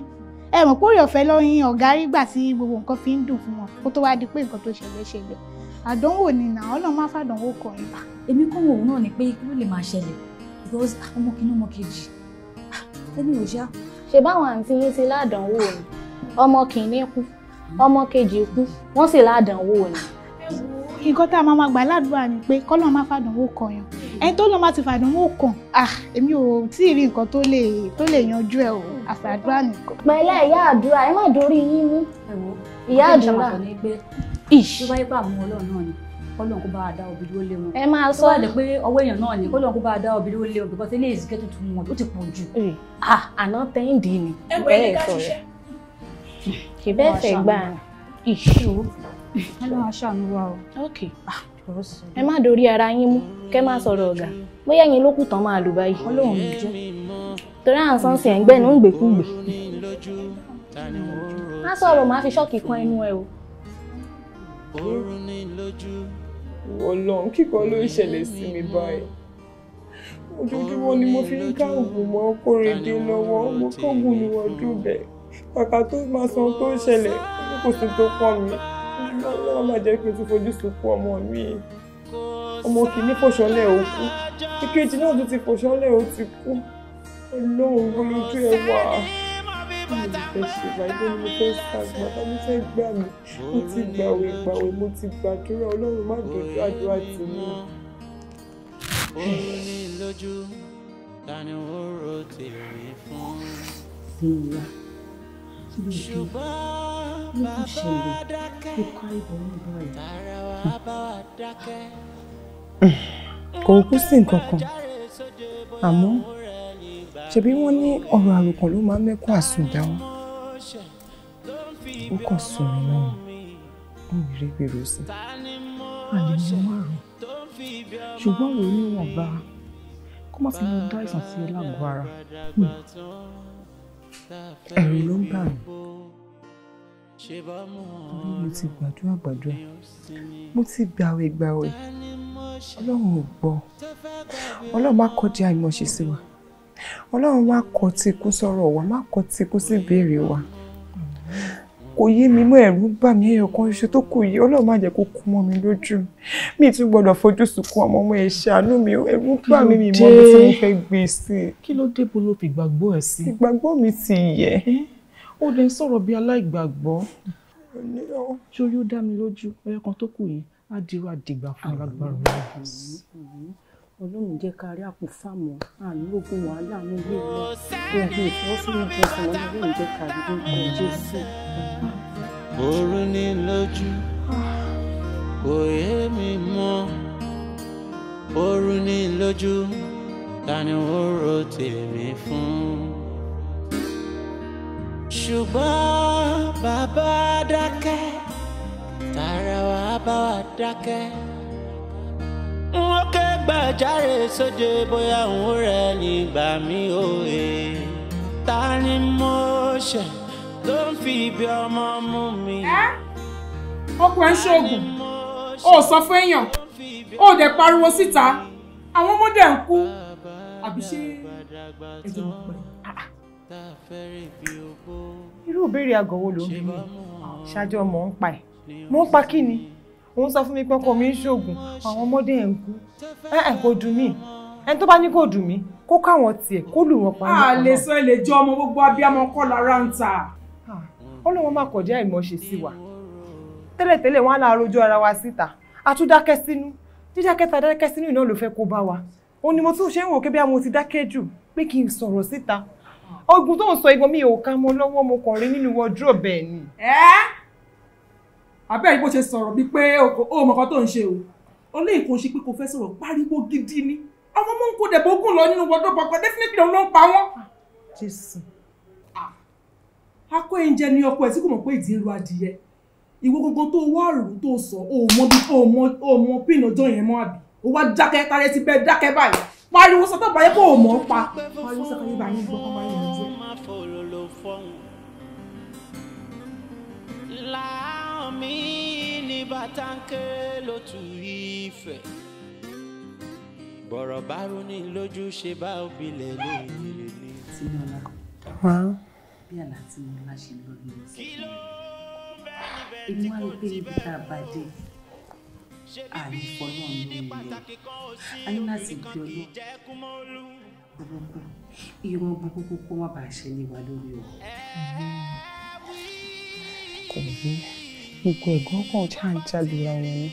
ẹ mọ̀ pórí ọ̀fẹ́ lọ́yìn ọ̀gá rígbà tí gbogbo nǹkan fi ń dùn fún wọn kó tó wá di pé nǹkan tó ṣẹlẹ̀ ṣẹlẹ̀ àdánwò ni nà ọlọ́run má fàdánwò kọ ibà. Ah, èmi kàn wò ó náà ni pé kúrò lè máa ṣẹlẹ̀ because ah, ọmọ kìíní ọmọ kejì ẹni ah, ò ṣá. ṣe báwọn àǹtí yín ti ládàánwò ni ọmọ kìíní kú ọmọ kejì kú wọ́n sì ládàánwò ni. nǹkan tá a máa máa gbà ládùúgbà ni pé kọ́lọ́run má fàdánwò kọyàn ẹni tó lọ́ọ́ má ti fàdánwò kàn ah èmi ò tí ì rí nǹkan tó lè tó lè yanjú ẹ o àfàdúrà nìkan. pẹ̀lẹ́ ìyá àdúrà ẹ má dorí yín mú ìyá àdúrà ìṣ. tó bá yẹ pé àwọn ọlọ́run náà ni kọ́lọ́n kó bá a dá òbí dúró lé wọn. ẹ máa sọ. tó bá lè pé ọwọ́ èèyàn náà ni kọ́lọ́n kó bá a dá òbí dúró lé wọn bíkọ́ tẹ́lẹ̀ èzìké tuntun wọn ó ti pọ̀ jù. Eh, ah, àná tẹ́ǹdì ni. ẹ bẹ́ẹ̀ ní ká ṣiṣẹ́. ṣe bẹ́ẹ̀ fẹ́ gbà ìṣó. ọlọ́run aṣàánú wa o. ok. Ah ẹ má dorí ara yín mú kẹ́ má sọ̀rọ̀ ọ̀gá bóyá ẹ̀yin ló kù tán máa lò báyìí wọ́n lóun ní jẹ́ torí à ń sánsì ẹ̀ ń gbẹ́nu ń gbèkúgbè má sọ̀rọ̀ má fi ṣọ́ọ̀kì kan ẹnu ẹ o. Ọlọ́run kíkọ ló ṣẹlẹ̀ sí mi báyìí ojoojúmọ́ ni mo fi ń ká oògùn mọ́ Kóredé lọ́wọ́ mo kọ́gùn níwọ̀n dùbẹ̀ kàkà tó máa san tó ṣẹlẹ̀ kò sì tó pọ̀ mi ọlọ́run má jẹ́ kí n tún fojú sunkún ọmọ mi ọmọ kìíní fòṣánlẹ̀ ó kú ìkejì náà tún ti fòṣánlẹ̀ ó ti kú ọlọ́run olójú ẹ wà mi ò fẹ́ ṣe báyìí mo fẹ́ sàgbà bá mi fẹ́ gbà mí mo ti gbàwẹ̀ gbàwẹ̀ mo ti gbàdúrà ọlọ́run má dojú àdúrà tì mí. omi ni lójú ta ni ó ro tèmi fún kí ló dé ló kò ṣẹlẹ̀ kó ká ìbọn ní báyìí. kò kú sí nǹkan kan àmọ́ ṣebí wọ́n ní ọ̀rọ̀ àròkàn ló máa ń mẹ́kún àsùnjà wọn ó kàn sùn mí náà ó ń rí gbèrò sí àlè ní márùn ṣùgbọ́n òun níwọ̀nba kó má fi mú dá sí ẹ lágọ̀ọ́ ara. Hmm ẹ̀rù ló ń bà mí torí mo ti gbàdúrà gbàdúrà mo ti gbàwẹ̀ gbàwẹ̀ ọlọ́run ò gbọ́ ọlọ́run má kọ́ di àìmọ̀ṣe sí wa ọlọ́run má kọ́ tí ikú sọ̀rọ̀ wa má kọ́ tí ikú sí ìbéèrè wa kò yé mi mọ́ ẹ̀rù ń bà mí èèyàn kan ṣe tó kù yìí ọlọ́run má jẹ́ kó kú mọ́ mi lójú mi tún gbọ́dọ̀ fojú sunkún ọmọ ọmọ ẹ̀ ṣàánú mi ẹ̀rù ń mi mọ́ mi tí mo fẹ́ gbé sí i. kí ló dé bolo fi ìgbàgbọ́ ẹ̀ sí. ìgbàgbọ́ mi ti yẹ̀. ó lè sọ̀rọ̀ bí aláìgbàgbọ́. ṣé oyún dá mi lójú ọyọ kan tó kù yìí á dirú àdìgbà fún alágbára ọlọ́run jẹ́ ká rí àpò fáàmù àlógún wàhálà ní ilé ìlú wọn kì í fọwọ́ sínú ìfẹsẹ̀ wọn ọlọ́run jẹ́ ká rí lórúkọ jésù. oorun ní lójú kò yé mi mọ́ oorun ní lójú ta ni ó ro tèmi fún. ṣùgbọ́n bàbá dákẹ́ tààrà wàá bá wa dákẹ́. wọ́n kẹ́ gbàjáre sóde bóyá òun rẹ nígbà mí òye ta ni mo ṣe ló ń fi ibi ọmọ mú mi. ọkùnrin ṣoògùn ó sọ fún èèyàn ó dẹ̀ pariwo síta àwọn ọmọdé ń kú àbí ṣé ẹjọ́ ń pẹ́ ah, ah. irú ìbéèrè àgọ́ wo ló ń bí mi ṣáájú ọmọ ń pa ẹ̀ mo ń pa kí ni òun sọ fún mi pé ọkọ mi ń ṣoògùn àwọn ọmọdé ẹ̀ ń kú ẹ̀ kò dùn mí ẹni tó bá ní kò dùn mí kó káwọn tiẹ̀ kó lù wọ́n pa. a lè sọ ẹ lè jẹ ọmọ gbogbo abiyamọ kọ lára ń ta. ọlọ́wọ́n máa kọ̀ jẹ́ ìmọ̀ọ́ṣe sí wa tẹ́lẹ̀tẹ́lẹ̀ wọn á lára ojú ara wa síta àtúndákẹ́ sínú dídákẹ́ ta dákẹ́ sínú iná ló fẹ́ kó bá wa òun ni mo tún ṣe ń wò kébí àwọn ti dákẹ́ jù pé kí n sọ̀rọ̀ síta ogun tó ń sọ igun mi ò ká mọ lọ́wọ́ mo kàn rí nínú wardrobe ẹ̀ ni. ẹ́ abẹ́ ìbò ṣe sọ̀rọ̀ bíi pé o mọ̀ kan tó ń ṣe o ó lé nǹkan ṣe pé kò fẹ́ sọ̀rọ̀ pariwo gidi ni àwọn ọmọ ń kó dẹ̀ bógún lọ nínú wọ́dọ̀ bọ̀kọ̀ definitely òun ló ń pa wọ́n. Ah, jésù. akọ ah, ẹ̀ǹjẹ ni ọkọ ẹ̀ tí kò mọ̀ pé ìdí ń ro adìyẹ ìwọ gangan tó wá rò tó sọ o mọ pin ọjọ́ yẹn mọ́ àbí o wá dákẹ́ tàrẹ́ ti bẹ́ẹ̀ dákẹ́ báyìí pariwo sọ́tọ̀ báyẹn kò mọ̀ ọ́ pa pariwo sọ́tọ̀ yẹn báyẹn gbọ́ kọ́ báyẹn jẹ́ mi ní bàtà ń ké lótú ìfẹ́ bọ̀rọ̀ bá rú ní lójú ṣe bá òbílẹ̀ léèrè ní. tinola bí àlá tí mo lá ṣe lọ ní ọsẹ inú àlè ibi tá a bá dé àlè fọlọ́ ní ilẹ̀ a láti bí ọlọ́ burúkú ìran burúkú kó má bàa ṣe ní wa lórí o. kò ní gbogbo ẹ̀gbọ́n kan ṣáà ń jalè ra ẹ̀rọ ni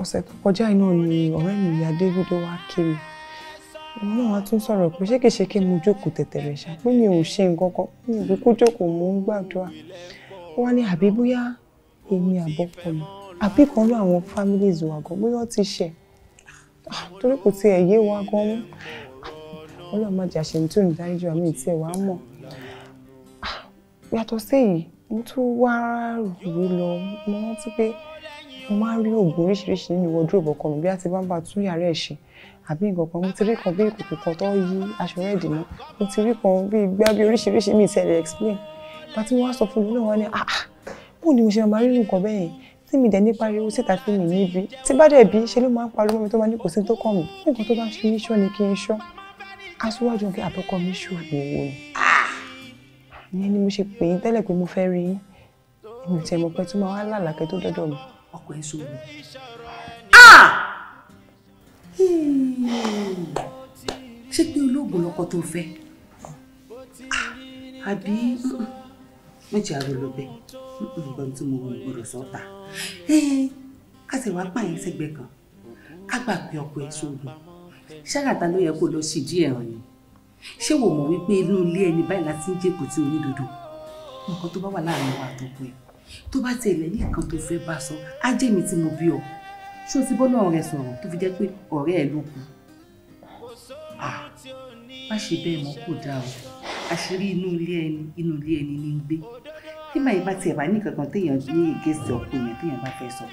ọ̀sẹ̀ tó kọjá iná ni ọ̀rẹ́ mi ìyá David wá kiri òun náà wá tún sọ̀rọ̀ pé ṣé kìí ṣe kí mo jókòó tẹ̀tẹ̀rẹ̀ ṣá pé mi ò ṣe nǹkan kan mi ò gbé kó jókòó mò ń gbàdúrà wọn ní àbí bóyá èmi àbọ̀pọ̀ mi àbí kan ló àwọn families wa gan bóyá ó ti ṣẹ̀ ah, torí kò tiẹ̀ yé wa gan mú ọlọ́run má jà ṣe ní tó ní dáríjì wa mi ì tiẹ̀ ah, yàtọ̀ sí èyí mo tún wá rò lọ mo rántí pé mo máa rí oògùn oríṣiríṣi nínú wardrobe ọkọ mi bí a ti bá ń bá tún yàrá ẹ̀ ṣe àbí nǹkan kan mo ti rí kan bí ìkòkò kan tó yí aṣọ rẹ̀ dì mọ́ mo ti rí kan bí gbá bí oríṣiríṣi mi ìṣẹ̀lẹ̀ explain pàtí wọ́n á sọ fún mi náà wọ́n ní ah, ah bó ni mo ṣe máa rí nǹkan bẹ́ẹ̀ yẹn tí mi dẹ̀ ní pariwo síta fún mi níbi tí bá dẹ̀ bí ṣe ló máa ń pariwo mi tó máa ní kò sí tó kàn mí nǹkan tó bá ń ṣe mí ṣọ́ ni kí n ṣọ́ aṣíwájú nǹkan àbọ̀kọ mi ṣù ni ìyẹn ni mo ṣe pè é tẹ́lẹ̀ pé mo fẹ́ rí yín èmi tí ẹ̀mọ̀pẹ́ tó máa wá lálàkẹ́ tó dọ́dọ̀ mi. ọkọ ẹ sọ mi. Ah! ṣé pé olóògùn lọkọ tó fẹ́ ah! àbí méjì aróló bẹ nǹkan tí mo gbọ́dọ̀ sọta ká sì wáá pààyàn sẹ́gbẹ̀ẹ́ kan ká gbà pé ọkọ ẹ sóògùn ṣáàgàtà ló yẹ kó lọ sídìí ẹ̀ràn yìí ṣé wò mọ̀ wípé inú ilé ẹni báyìí láti ń jẹ́kọ̀ọ́ tí onídodo nǹkan tó bá wà láàrin wa àtọ́kọ ẹ̀ tó bá ti ẹ̀lẹ́ nìkan tó fẹ́ bá sọ á jẹ́ mi tí mo bí ọ ṣé o ti bọ́ náà rẹ sọ̀rọ̀ tó fi jẹ́ pé ọ̀rẹ́ ẹ̀ ló kù má ṣe bẹ́ẹ̀ mọ́ kò dáa o àṣírí inú ilé ẹni inú ilé ẹni ní ń gbé tí màá bá tiẹ̀ bá ní kankan téèyàn ní ìgẹ́sì ọ̀pọ̀ yẹn téèyàn bá fẹ́ sọ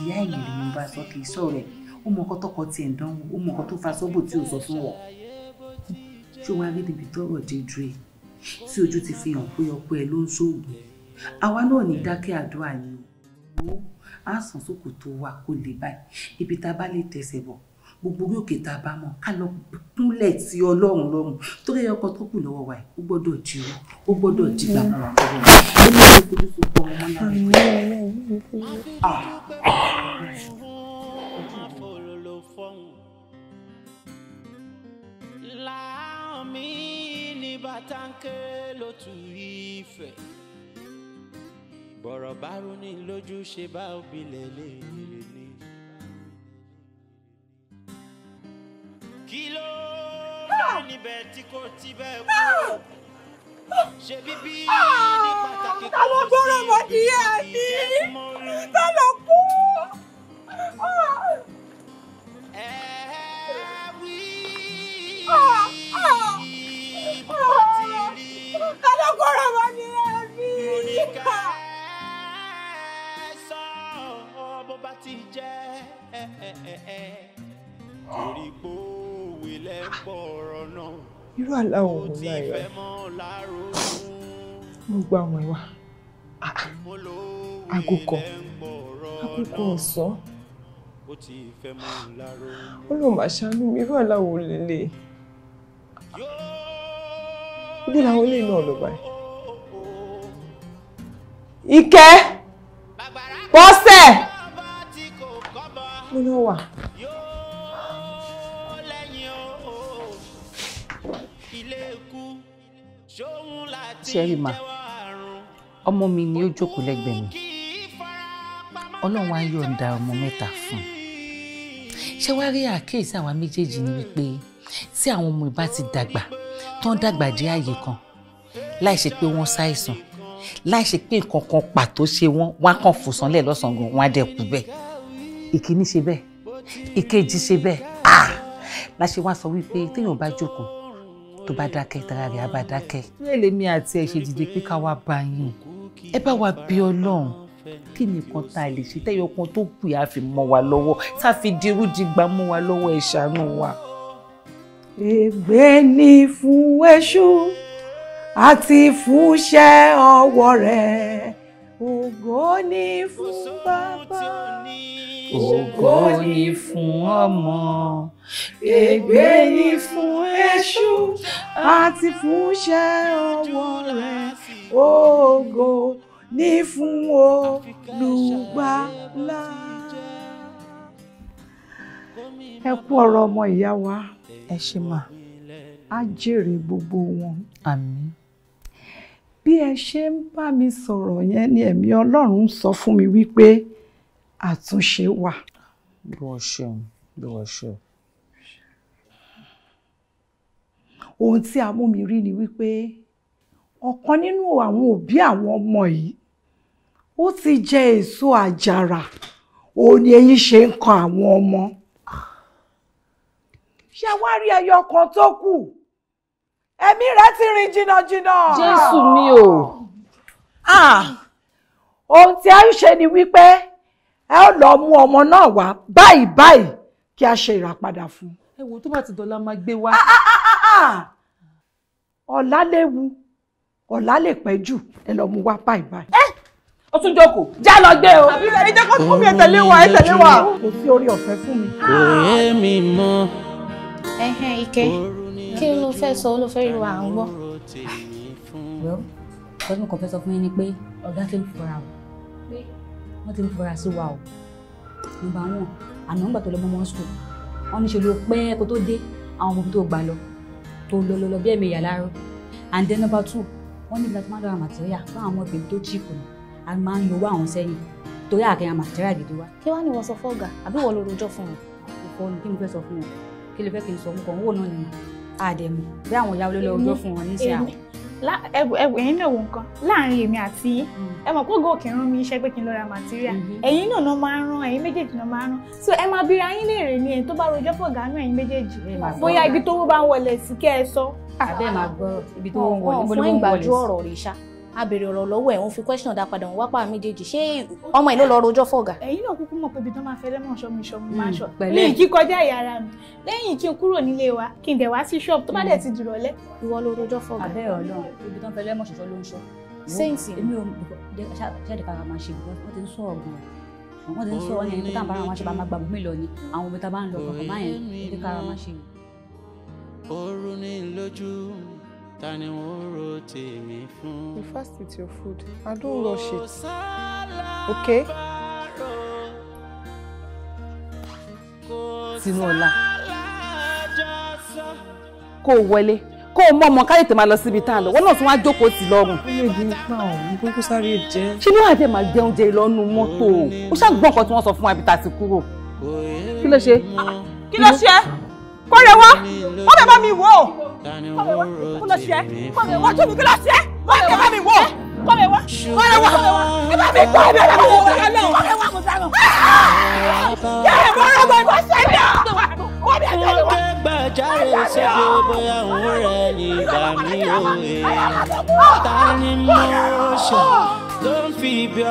ìyá ẹ̀yìn ni mo bá sọ kì í sọ̀rọ̀ ẹ̀ ó mọ ọkọ tọkọ tiẹ̀ dánwò ó mọ ọkọ tó fa sọ́bò tí ò sọ fún wọn ṣó wá rí níbi tọ́rọ̀ dé tí ojú ti fi hàn pé ọkọ ẹ ló ń ṣoògùn àwa náà ní dákẹ́ àdúrà yìí o á sàn sókò tó wa kó lè báyìí ibi tá a bá lè tẹsẹ̀ bọ̀ gbogbo orí òkè tá a bá mọ̀ ká lọ kúnlẹ̀ tí ọlọ́run lọ́rùn tó rẹ̀ ọkọ tó kù lọ́wọ́ wa yìí ó gbọ́dọ̀ jí o ó gbọ́dọ̀ jí bàbá wa lọ́wọ́ ó ní ìfojú tó pọ̀ ọmọ náà. batanke lótú ìfẹ́ bọ̀rọ̀ bárú ní lójú ṣe bá òbílẹ̀ léèrè ni. kí ló lọ ah! níbẹ̀ tí ti bẹ́ẹ̀ ah! kú. ṣe bíbí ní pàtàkì kò sí ibi ìjẹ́kùmọ́lú. ta ló kú. ẹ mo ti rí. kálọ́kọ̀rọ̀ wà ní ẹbí. mo ní ká ẹ sọ bó bá ti jẹ́ torí pé òwe lẹ́ ń bọ̀ ọ̀rọ̀ náà. irú aláwọ̀ wo ni àyà mo gba àwọn ẹ̀wà àgùkọ àgùkọ ọ̀sán ó lóun máa ṣàánú mi irú aláwọ̀ lélẹ̀ ibi làwọn ilé náà lọ báyìí. ìkẹ́ bọ́sẹ̀ mo náà wà. ṣẹ́rì ma ọmọ mi ni ó jókòó lẹ́gbẹ̀ẹ́ mi ọlọ́run á yọ̀ǹda ọmọ mẹ́ta fún un ṣé wàá rí àkíyèsí àwa méjèèjì ni wípé tí àwọn ọmọ ìbá ti dàgbà tó ń dàgbà dé àyè kan láì ṣe pé wọ́n ṣàìsàn láì ṣe pé nǹkan kan pàtó ṣe wọ́n wọ́n á kàn fò sánlẹ̀ lọ́sàn-án gan wọ́n á dẹ̀ kú ìkíní ṣe bẹ́ẹ̀ ìkejì ṣe bẹ́ẹ̀ ah láṣẹ wá sọ wípé téèyàn bá jókòó tó bá dákẹ́ tara rẹ̀ á bá dákẹ́. ilé lèmi àti ẹ̀ ṣe dìde pé ká wá bá yín ẹ bá wa bí ọlọ́run kí nìkan tá a lè ṣe tẹ́yọ̀kan tó kù yà á fi mọ́ wa lọ́wọ́ tá a fi dirú digba mọ́ wa lọ́wọ́ ẹ ṣàánú wa ègbé ni fún èṣù àti fúnṣẹ́ ọwọ́ rẹ̀ ògo ni fún bàbá ògo ni fún ọmọ ègbé ni fún èṣù àti fúnṣẹ́ ọwọ́ rẹ̀ ògo ni fún olùgbàlà ẹ kú ọ̀rọ̀ ọmọ ìyá wa ẹ ṣe mà á jèrè gbogbo wọn. àmín. bí ẹ ṣe ń bá mi sọ̀rọ̀ yẹn ni ẹ̀mí ọlọ́run sọ fún mi wípé àtúnṣe wà. bí wọ́n ṣeun bí wọ́n ṣeun. ohun tí a mú mi rí ni wípé ọ̀kan nínú àwọn òbí àwọn ọmọ yìí ó ti jẹ èso àjàrà òun ni eyín ṣe ń kan àwọn ọmọ ṣé wá rí ẹyọ kan tó kù ẹ̀mí rẹ̀ ti rìn jìnnàjìnnà. jésù mi o. Ah, ohun tí a ń ṣe ni wípé ẹ ó lọ mú ọmọ náà wá báyìí báyìí kí a ṣe ìràpadà fún. ẹ wo tó bá ti dọ̀la máa gbé wá. Ah, ah, ọ̀la léwu ọ̀la lè pẹ́ jù ẹ lọ mú wá báyìí báyìí. ẹ o tún jókòó já lọ gbé o. àbí ẹ jẹ́ kó fún mi ẹ tẹ̀lé wa ẹ tẹ̀lé wa. kò sí orí ọ̀fẹ́ fún mi. kò yé mi mọ́ ẹhẹn ike kí ló fẹ́ sọ ó ló fẹ́ rí ń gbọ́. well ọdún mo kàn fẹ́ sọ fún yín ni pé ọ̀gá ti ń fura o wọ́n ti ń fura sí wa o nọ́mbà wọn àná ń gbà tó lọ mọ́mọ́ school wọ́n ní ṣe ló pẹ́ kó tó dé àwọn ọmọ tó gbà lọ tó lọ lọ lọ bí ẹ̀mí ìyá láró and then number two wọ́n ní black mandara material fún àwọn ọmọbìnrin tó chip ni a máa ń lo owó àwọn sẹ́yìn torí àkẹyàn material gidi wa. kí wàá ní wọ́n sọ fọ́ọ̀gà àbí wọ́n lo rojọ́ fún wọn kí ló fẹ́ kí n sọ nǹkan owó náà ni àdẹ̀mọ̀ bí àwọn ìyá olólò ọjọ́ fún wọn níṣẹ́ àwọn. ẹ̀yin náà wo nǹkan láàrin èmi àti yín mm. ẹ mọ̀ pé gòkè rán mi iṣẹ́ pé kí n lọ ra material mm-hmm. ẹ̀yin náà náà máa ń rán ẹ̀yin méjèèjì náà máa ń rán so ẹ máa bira yín léèrè ni ẹni tó bá rojọ́ fọ̀gá náà ẹ̀yin méjèèjì bóyá ibi tó bá ń wọlé sí kẹ́ ẹ sọ. àbẹ́ẹ̀ máa gbọ́ ibi tó ń wọlé a béèrè ọ̀rọ̀ lọ́wọ́ ẹ̀ òun fi question dá padà òun wá pa méjèèjì ṣé ọmọ ẹ̀ ló lọ rojọ́ fọ̀gà. ẹ̀yin náà kúkú mọ̀ pé ibi tó máa fẹ́ lẹ́mọ̀ ṣọ́mu ṣọ́mu máa hmm, ṣọ ní ìkí kọjá ìyá ara mi lẹ́yìn kí n kúrò nílé wa kí n dẹ̀ wá sí ṣọ́ọ̀bù tó bá dẹ̀ ti dìrọ̀lẹ́. ìwọ ló rojọ́ fọ̀gà. abẹ́ ọlọ́run ibi tó fẹ́ lẹ́mọ̀ ṣọ́ṣọ́ ló ń ṣọ́ sẹ́ǹtì èmi ò jáde kára máa ṣe wọ́n ti ń sọ ọ̀gbọ́n wọ́n ti ń sọ ọ́nà ẹni tá à wọn ṣe bá máa gbàgbọ́ mélòó ni àwọn òbí tá a bá ń lọ kọ̀ọ̀kan báyẹn ní kára máa ṣe. oorun ni lójú ta ni wọ́n ro tèmi fún. you fast with your food I don't rush it okay. Tinúọlá kó o wọlé kó o mọ̀ ọmọ káyọ̀ tẹ̀ máa lọ síbi tá a lọ wọn náà tún wá jókòó tì lọ́rùn. ó yẹ pa òun kókó sáré jẹ. ṣé ló máa jẹ oúnjẹ lọ́nu mọ́tò ó ṣàgbọ́n nǹkan tí wọ́n sọ fún wa ibi tá a ti kúrò kí ló ṣe ah, kí ló ṣe kọ́rẹ̀ wá wọ́n fẹ́ bá mi wò ó kọ́rẹ̀ wá kó lọ sí ẹ kọ́rẹ̀ tóbi kó lọ sí ẹ wọ́n fẹ́ bá mi wò ó kọ́rẹ̀ wá kọ́rẹ̀ wá kí bá mi gbọ́ ẹ̀mí ẹ̀rọ wò ó wá kò sáré. yẹ́rẹ̀ mo rẹ̀ bọ̀ ẹ̀kọ́ sẹ́yìn náà wọ́n bí ẹ̀jẹ̀ wá. Gbàjáre ṣẹ́bi bóyá òun rẹ̀ ní ìgbà mi ò lè. Ta ni mo ṣe tó ń fi ibi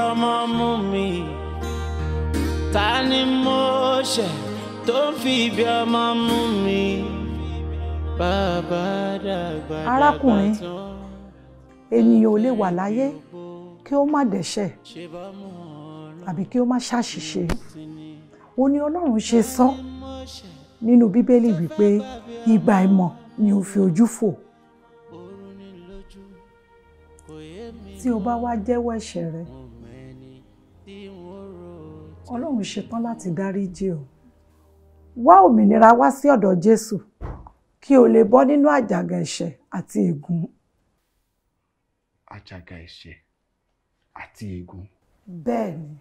tó fi ibi ọmọ mú mi bàbá dàgbà dàgbà tán. arákùnrin ènìyàn ò lè wà láyé kí ó má dẹ̀ṣẹ̀ àbí kí ó má ṣàṣìṣe ó ní ọlọ́run ṣe sọ nínú bíbélì wípé ìgbà ìmọ̀ ni ó fi ojú fò tí o bá wá jẹ́wọ́ ẹ̀ṣẹ̀ rẹ ọlọ́run ṣetán láti dáríjì ọ́ wá òmìnira wá sí ọ̀dọ̀ Jésù kí o lè bọ́ nínú àjàgà ẹ̀ṣẹ̀ àti ègún. àjàgà ẹ̀ṣẹ̀ àti ègún. bẹ́ẹ̀ ni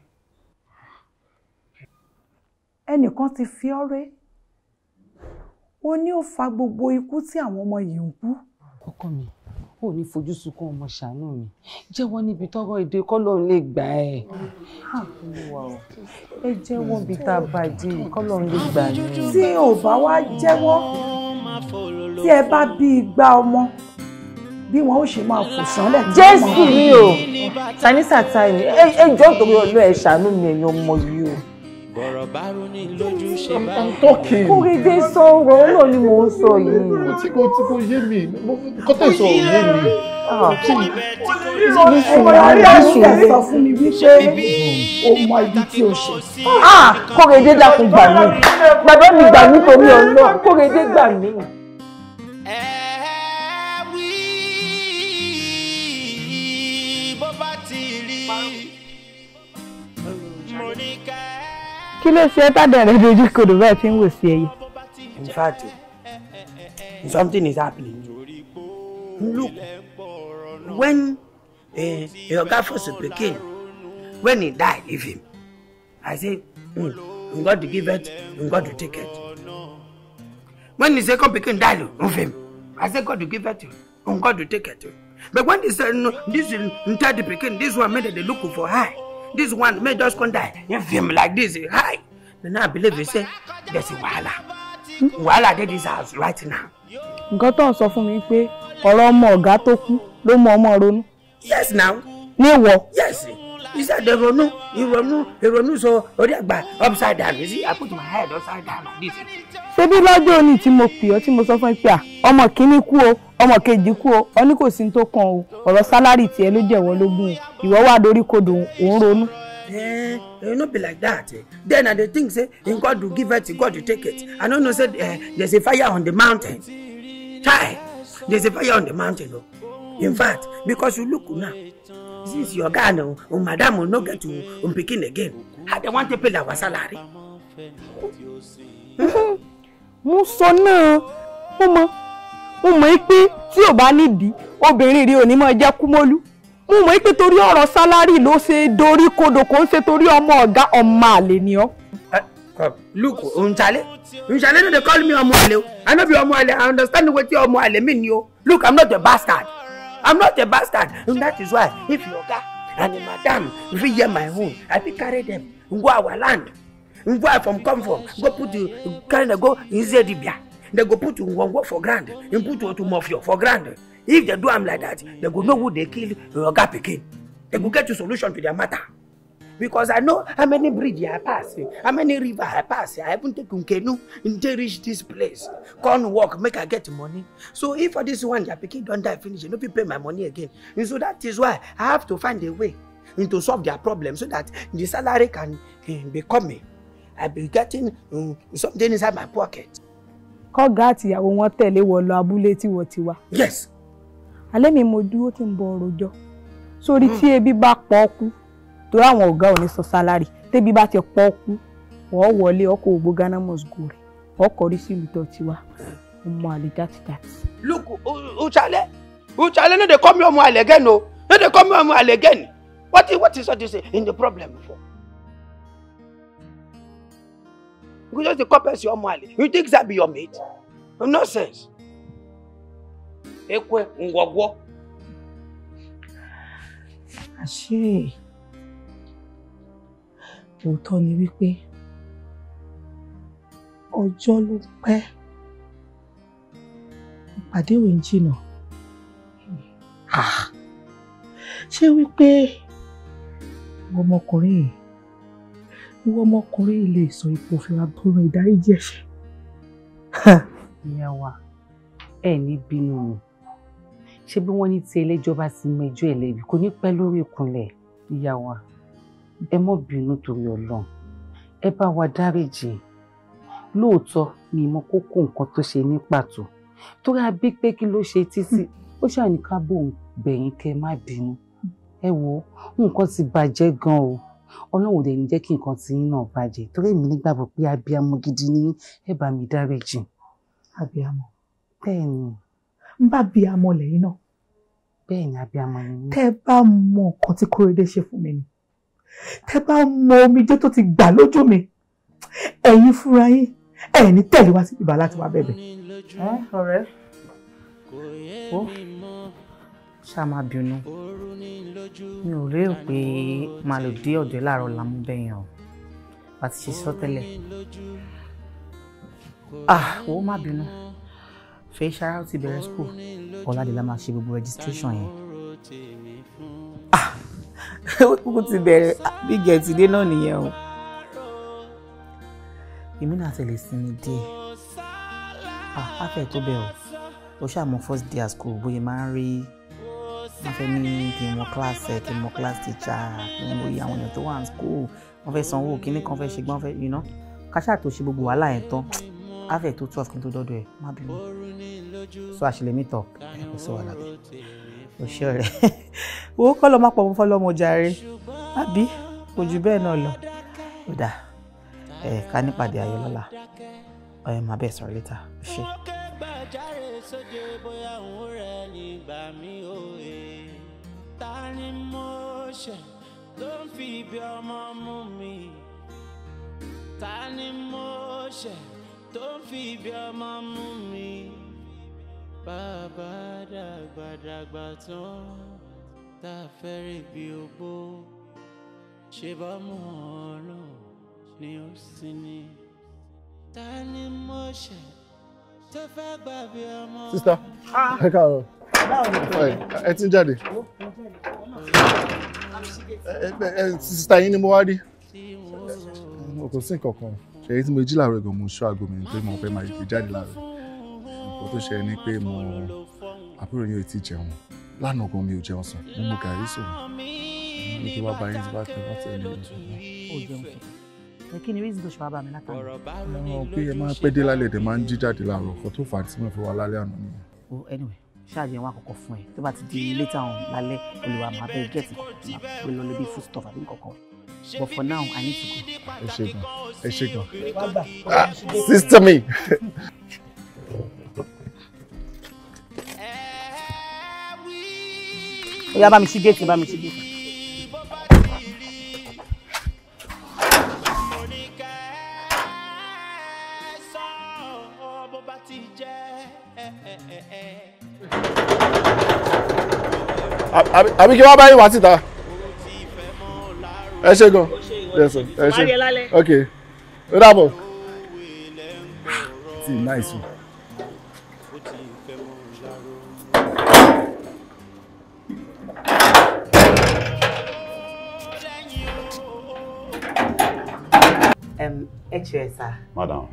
ẹnìkan ti fi ọ́ ré ó ní ó fa gbogbo ikú tí àwọn ọmọ yìí ń kú. ọkọ mi ò ní fojú sunkún ọmọ ṣàánú mi jẹ́wọ́ níbi tọ́rọ̀ èdè kọ́lọ́run lè gbà ẹ́ ẹ jẹ́wọ́ bíi tá a bàjẹ́ kọ́lọ́run lè gbà mí. tí ò bá wá jẹ́wọ́ tí ẹ bá bí igba ọmọ bí wọn ó ṣe máa fò sánlẹ̀. jésù mi ò sanisa taimi ẹ jọ́ torí ọlọ́ ẹ ṣàánú mi ẹ̀yàn ọmọ yìí. I'm bárú ní lójú ṣe bá wọn. kúrìdé sọ̀rọ̀ ó lò ní mò ń sọ yìí. mo ti kò ti kò yé mi kọ́tà ìsọ̀ ò yé mi. mo sọ yàrá ìṣòro sọ fún mi wípé o mọ ibi tí o ṣe. kúrìdé dákun gbà mí bàbá mi gbà mí torí ọlọ́run kúrìdé gbà mí. kí ló ṣe tádàn rẹ dojú kodò báyìí fi ń wò sí ẹyẹ. in fact something is happening look when uh, eh, your guy first pikin when he die leave him i say hmm you got to give it you got to take it when the second pikin die leave him i say God to give it you God to take it but when this uh, no, this third pikin this one make dem dey look for her this one may just come die him film like this hi then i believe you say there's a wahala wahala dey this house right now. nǹkan tó ń sọ fún mi pé ọ̀rọ̀ ọmọ ọ̀gá tó kú ló mú ọmọ ronú. yes now. ní ìwọ. yes. Sir ìṣèdèrònú ìrònú ìrònú sọ orí àgbà upside down sí àpótí my head upside down like this. ṣebí lọ́jọ́ òní tí mo pè ọ́ tí mo sọ fún ẹ pé à ọmọ kìíní kú o ọmọ kejì kú o ọ ní kò sí tó kan o ọ̀rọ̀ sálárì tiẹ̀ ló jẹ̀wọ́ lógún o ìwọ wà lórí kodò òun ronú. Eh, you no be like that. Eh. Then I dey think say in God will give it, God will take it. I no know say eh, there's a fire on the mountain. Chai, there's a fire on the mountain. Oh. In fact, because you look now, Since your guy no? Oh, oh, madam will oh, not get to um, picking again. How they want to pay our salary? Mo sọ náà, mo mọ, mo mọ̀ pé tí ò bá nídìí, obìnrin rí òní máa jẹ́ kúmọ́lú. Mo mọ̀ pé torí ọ̀rọ̀ sálárì ló ṣe dorí kodò kò ń ṣe torí ọmọ ọ̀gá ọmọ àlè ni ọ́. Eh, look, Unchale, Unchale no dey call me ọmọ àlè o. I no be ọmọ àlè, I understand wetin ọmọ àlè mean o. Look, I'm not a bastard. I'm not a bastard. And that is why if your guy and madam fit hear my own, I be carry them go our land. Go from come from, go put the carry them go in Izedibia. They go put Ngwongwo for grand, and put to mafia for grand. If they do am like that, they go know who they kill your guy pikin. They go get a solution to their matter because I know how many bridge I pass, how many river I pass. I haven't taken canoe until reach this place. Come work, make I get money. So if for this one, your picking, don't die finish, you no fit pay my money again. And so that is why I have to find a way to solve their problem so that the salary can uh, be coming. I be getting um, something inside my pocket. Kọ́gá àtìyàwó wọn tẹ̀lé wọ lọ abúlé tí wọ́n ti wá. Yes. Alẹ́ mi mo dúró tí ń bọ ọ̀rọ̀ jọ. Hmm. ebi bá pọ̀ kú torí àwọn ọ̀gá ò ní sọ sálárì tẹ́bí bá ti pọ́ kú wọ́n wọlé ọkọ̀ ògbó ghana must go rẹ̀ ọkọ̀ orí sílùú tó ti wá ọmọ àlè játijàti. look uchale uchale no dey call me ọmọ àlè again o no dey call me ọmọ àlè again what is what is all this in the problem for. you just dey call person ọmọ àlè you think that be your mate No sense. ekwe ngwọgwọ. àṣírí òótọ́ ni wípé ọjọ́ ló pẹ́ ìpàdé òwe ń jìnà ah! ṣé wípé ìwọ ọmọkùnrin yìí ìwọ ọmọkùnrin yìí lè sọ ipò fìlà bọ́ọ̀rù ìdáríjì ẹ̀ṣẹ̀. ìyá wa ẹ ní bínú mi ṣé bí wọ́n ní ti ẹlẹ́jọ́ bá ti mẹjọ́ ẹ̀ lẹ́bi kò ní pẹ́ lórí ìkúnlẹ̀ ìyá wa ẹ mọ̀ bínú torí ọlọ́run ẹ bá wa dáríjì lóòótọ́ mi mọ kókó nǹkan tó ṣe ní pàtó torí a bí pé kí ló ṣe títí ó ṣàní ká bóun bẹ̀yìn kẹ́ má bínú ẹ wo nǹkan ti bàjẹ́ gan o ọlọ́run ò dẹ̀ ní jẹ́ kí nǹkan ti yín náà bàjẹ́ torí èmi nígbàgbọ́ pé abiyamọ gidi ni ẹ bá mi dáríjì. abiyamọ. bẹ́ẹ̀ ni. ń bá abiyamọ lẹ́yìn náà. bẹ́ẹ̀ ni abiyamọ ni mí. bá mọ nǹkan tí kórèdé ṣe fún mi ni tẹ́ bá mọ omijé tó ti gbà lójú mi ẹ̀yin fúnra yín ẹ̀yin tẹ̀lé wá sí ibà láti wá bẹ̀bẹ̀. ọ̀rẹ́ ó ṣàmà bínú mi ò rérò pé màá lò dé ọ̀dọ̀ láàárọ̀ làmúbẹ̀yàn o bá ti ṣe sọ tẹ́lẹ̀ ah ó má bínú fẹ́ ṣáárá ó ti bẹ̀rẹ̀ school ọ̀làdìlá máa ṣe gbogbo registration yẹn kúkú ti bẹ̀rẹ̀ ah, bí gẹ̀tìdé náà nìyẹn o èmi náà tẹ̀lé sinmi díẹ̀ ah, a fẹ́ tó bẹ́ẹ̀ o o ṣàmú first day at school bóyá máa ń rí wọ́n fẹ́ ní kí n mọ class ẹ̀ kí n mọ class teacher kí n lóye àwọn èèyàn tó wà ní school wọ́n fẹ́ sanwó kíní kan fẹ́ ṣe gbọ́n fẹ́ you know ká ṣáà tó ṣe gbogbo wàhálà yẹn tán afẹ́ tó twelve kí n tó dọ́dọ̀ ẹ̀ má bínú so àṣìlẹ̀ mi tọ̀ ẹ̀ kò sí wàhálà bẹ́ẹ̀ kò ṣe ọ̀rẹ́ owó kọ́ lọ́ọ́ má pọ̀ mọ́ fọ́lọ́mọ jàre àbí kò jù bẹ́ẹ̀ náà lọ ó dà ẹ̀ ká nípàdé ayọ̀ lọ́la ẹ̀ má bẹ́ẹ̀ sọ̀rọ̀ létà ṣe. ló ń fi ibi ọmọ mú mi ta ni mo ṣe tó ń fi ibi ọmọ mú mi bàbá dàgbàdàgbà tán tá a fẹ́rẹ̀ bí ogbó ṣe bá mọ̀ ọ́ ni ó sì ní ta ni mo ṣe tó fẹ́ gbà bí ọmọ. sista ah. ẹ káàárọ̀ ẹ ti ń jáde sista yín ni mo wá rí kò sí nǹkan kan ṣe tí mo jí làárọ̀ gan mo ṣọ́ aago mi nítorí mo fẹ́ máa yèké jáde làárọ̀ nǹkan tó ṣe ni pé mo àbúrò yín ò tí jẹun lánàá gan mi ò jẹun sàn mo mú gàrí sòrò mo ti wá bá yín tí bá tẹ wá tẹ̀lé ẹ kí ni reason tó ṣe wá bá mi látàrí. mo pé ẹ máa pẹ́ dé lálẹ́ ẹ̀dẹ̀ máa ń jí jáde làárọ̀ ọ̀kan tó fà á tí mo fi wá lálẹ́ àná nìyẹn. o anyway ṣáàjì wọn àkọ́kọ́ fún ẹ tó bá ti di later on lálẹ́ olùwà máa bẹ gẹẹti kọkọ máa pè lọ lóbi foodstuff but for now i need to go. ẹ ṣe gan ẹ ṣe gan ah sister mi. oya bá mi ṣí géètì bá mi ṣí Abi, abi, kí wọ́n bá yín wá síta ẹ ṣe gan ẹ ṣe ok ó dàbọ̀ tí nice o. Um, HSR. Madam.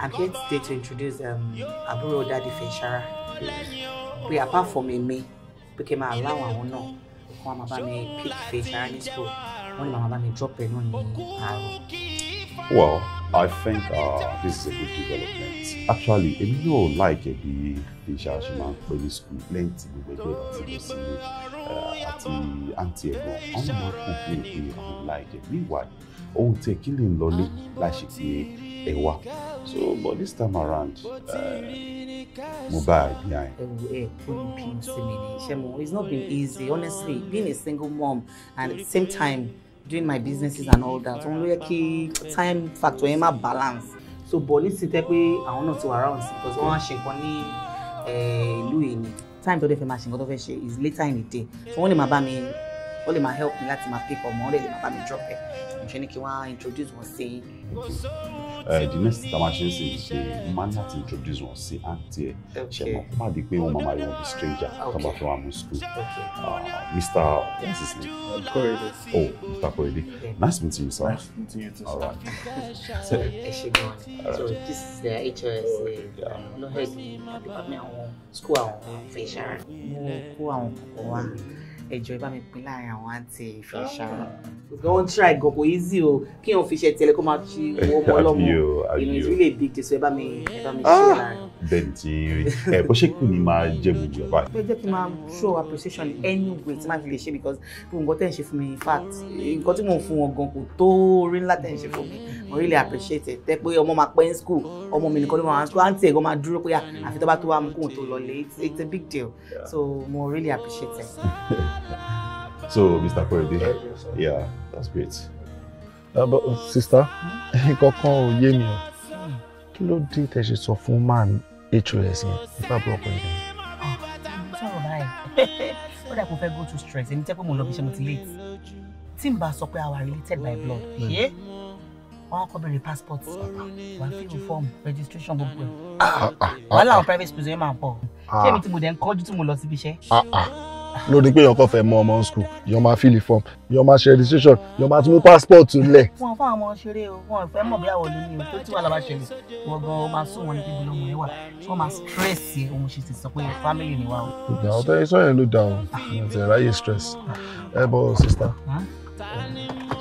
I'm here today to introduce um, Aburo Daddy Feshara. We, apart from me became our allow our honor kọ́ well i think uh, this is a good development actually èmi yóò láìkẹ́ the e bí ṣáṣe máa school plenty gbogbo ẹgbẹ́ àti ìrẹsílẹ̀ uh, àti àǹtí ẹ̀gbọ́n ọ̀nà máa ń kún fún ìpínlẹ̀ láìkẹ́ e, meanwhile ohun tí ẹ kí lè lọ ní láṣẹ ẹ wá so but this time around uh, mo bá a bí i. ẹ ẹ kó ní bí n sinmi ni ṣe mo it's not been easy honestly being a single mom and at the same time doing my businesses and all that òun ló yẹ kí time factor yẹn má balance so but ní ti tẹ́ pé àwọn náà ti wà around because wọ́n á ṣe nǹkan ní eh, ìlú yìí ni time tó dé fẹ́ máa ṣe nǹkan tó fẹ́ ṣe is later in the day so wọ́n lè máa bá mi ó lè máa help mi láti máa pick ọmọ ó lè máa bá mi drop ẹ ṣe ní kí wọ́n á introduce wọn sí. the next time a ṣe ń sìn ṣe mo máa ń láti introduce wọn sí àǹtí ẹ ṣe mọ kó má di pé wọn máa máa yọ bí stranger tó bá fẹ́ wà mú school ah, mr what's his name. Korede. oh mr Korede nice meeting you sir. nice meeting you too sir. alright. ẹ ṣe gan ni so this is the HOS ló eh, um, head department àwọn school àwọn fẹsẹ̀ rẹ̀ mo kó àwọn kọ̀ọ̀kan wá ẹjọ ẹ bá mi pín láàrin àwọn àǹtí ìfẹ́ ṣáà gan try gan kò easy o kí n fi ṣe tẹ́lẹ̀ kó máa fi owó mọ ọlọmọ inú lè big jésù ẹ ẹ bá mi ṣe ah. láàrin. bẹ́ẹ̀ni tí ń rí ẹ bó ṣe kù ní máa jẹ gbogbo ọba. bẹ́ẹ̀ jẹ́ kí n máa show appreciation in tí máa fi lè ṣe because nǹkan tẹ̀ ń ṣe fún mi in fact nǹkan tí mò ń fún wọn gan kò tó orí ńlá tẹ̀ ń ṣe fún mi mo really appreciate it tẹ́ pé ọmọ máa pẹ́ ní school ọmọ mi nìkan ló máa wá school àǹtí ẹ̀gbọ́n máa dúró pé ah, àfi tó bá tó wá mú kóun tó lọlé it's a big deal so mo really appreciate it. so Mr. Korede yeah that's great. Uh, but, uh, sister hmm? nǹkan kan ò yé mi o kí ló dé tẹ́ ṣe sọ fún man hos yẹn nípa àbúrò ọkọ yẹn. Ah, sọ̀rọ̀ báyìí ó dà kó fẹ́ go to stress èmi jẹ́ pé mo lọ bí iṣẹ́ mo ti late tí n bá sọ pé i were related by blood. Yeah? Hmm wọn kọ bẹ̀rẹ̀ passport wọn fi hàn form registration gbogbo ẹ ah, ah, ah, wàhálà àwọn private schools yẹn máa pọ̀ ṣé èmi tí mo dẹ̀ ń kọjú tí mo lọ síbi iṣẹ́. lórí pé èèyàn kò fẹ́ mọ ọmọ school èèyàn máa fill form èèyàn máa ṣe registration èèyàn máa tún mú passport lẹ̀. wọn fún àwọn ṣeré o wọn fẹ́ mọ̀ bí àwọn olóyè o tó tí wàhálà bá ṣẹlẹ̀ wọn gan ọ máa sún wọn ní kíbi lọmọ ẹ wà wọn máa stress ẹ òun ṣe ti sọ pé family ni wa o. ìgbà ọtọ yẹn sọ yẹn ló dà o ìyẹn ti ráyè stress ẹ bọ sista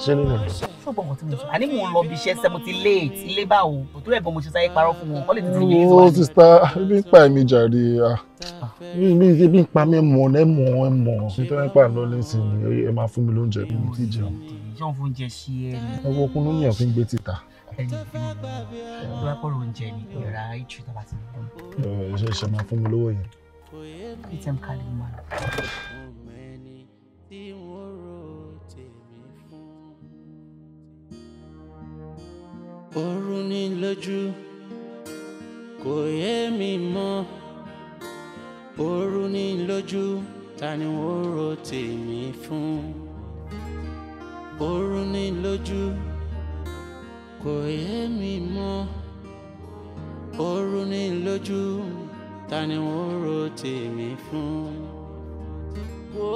ṣé nínú gbọ́ nǹkan tí mo ṣe àní mò ń lọ bí iṣẹ́ sẹ́ mo ti late ilé báwo kò tó ẹ̀gbọ́n mo ṣe sáyé parọ́ fún wọn kọ́ lè tètè yé ìtura. ooo sista ebi ń pa èmi jàre ah. mi ebi ń pa mi mọ̀ ẹ mọ̀ ẹ mọ̀ nítorí ẹ pa àná lẹ́sìn ẹ máa fún mi lóúnjẹ mi ti jẹun. ṣọ́n fún oúnjẹ sí ẹ ni. ẹ wo ló yàn fi ń gbé títà. ẹni fi ìwé pọ̀lọ̀ oúnjẹ ni ìrà ìtù ni mo máa ó rú ni lójú kò yé mi mọ́ ó rú ni lójú ta ni wọ́n ro tèmi fún ó rú ni lójú kò yé mi mọ́ ó rú ni lójú ta ni wọ́n ro tèmi fún kò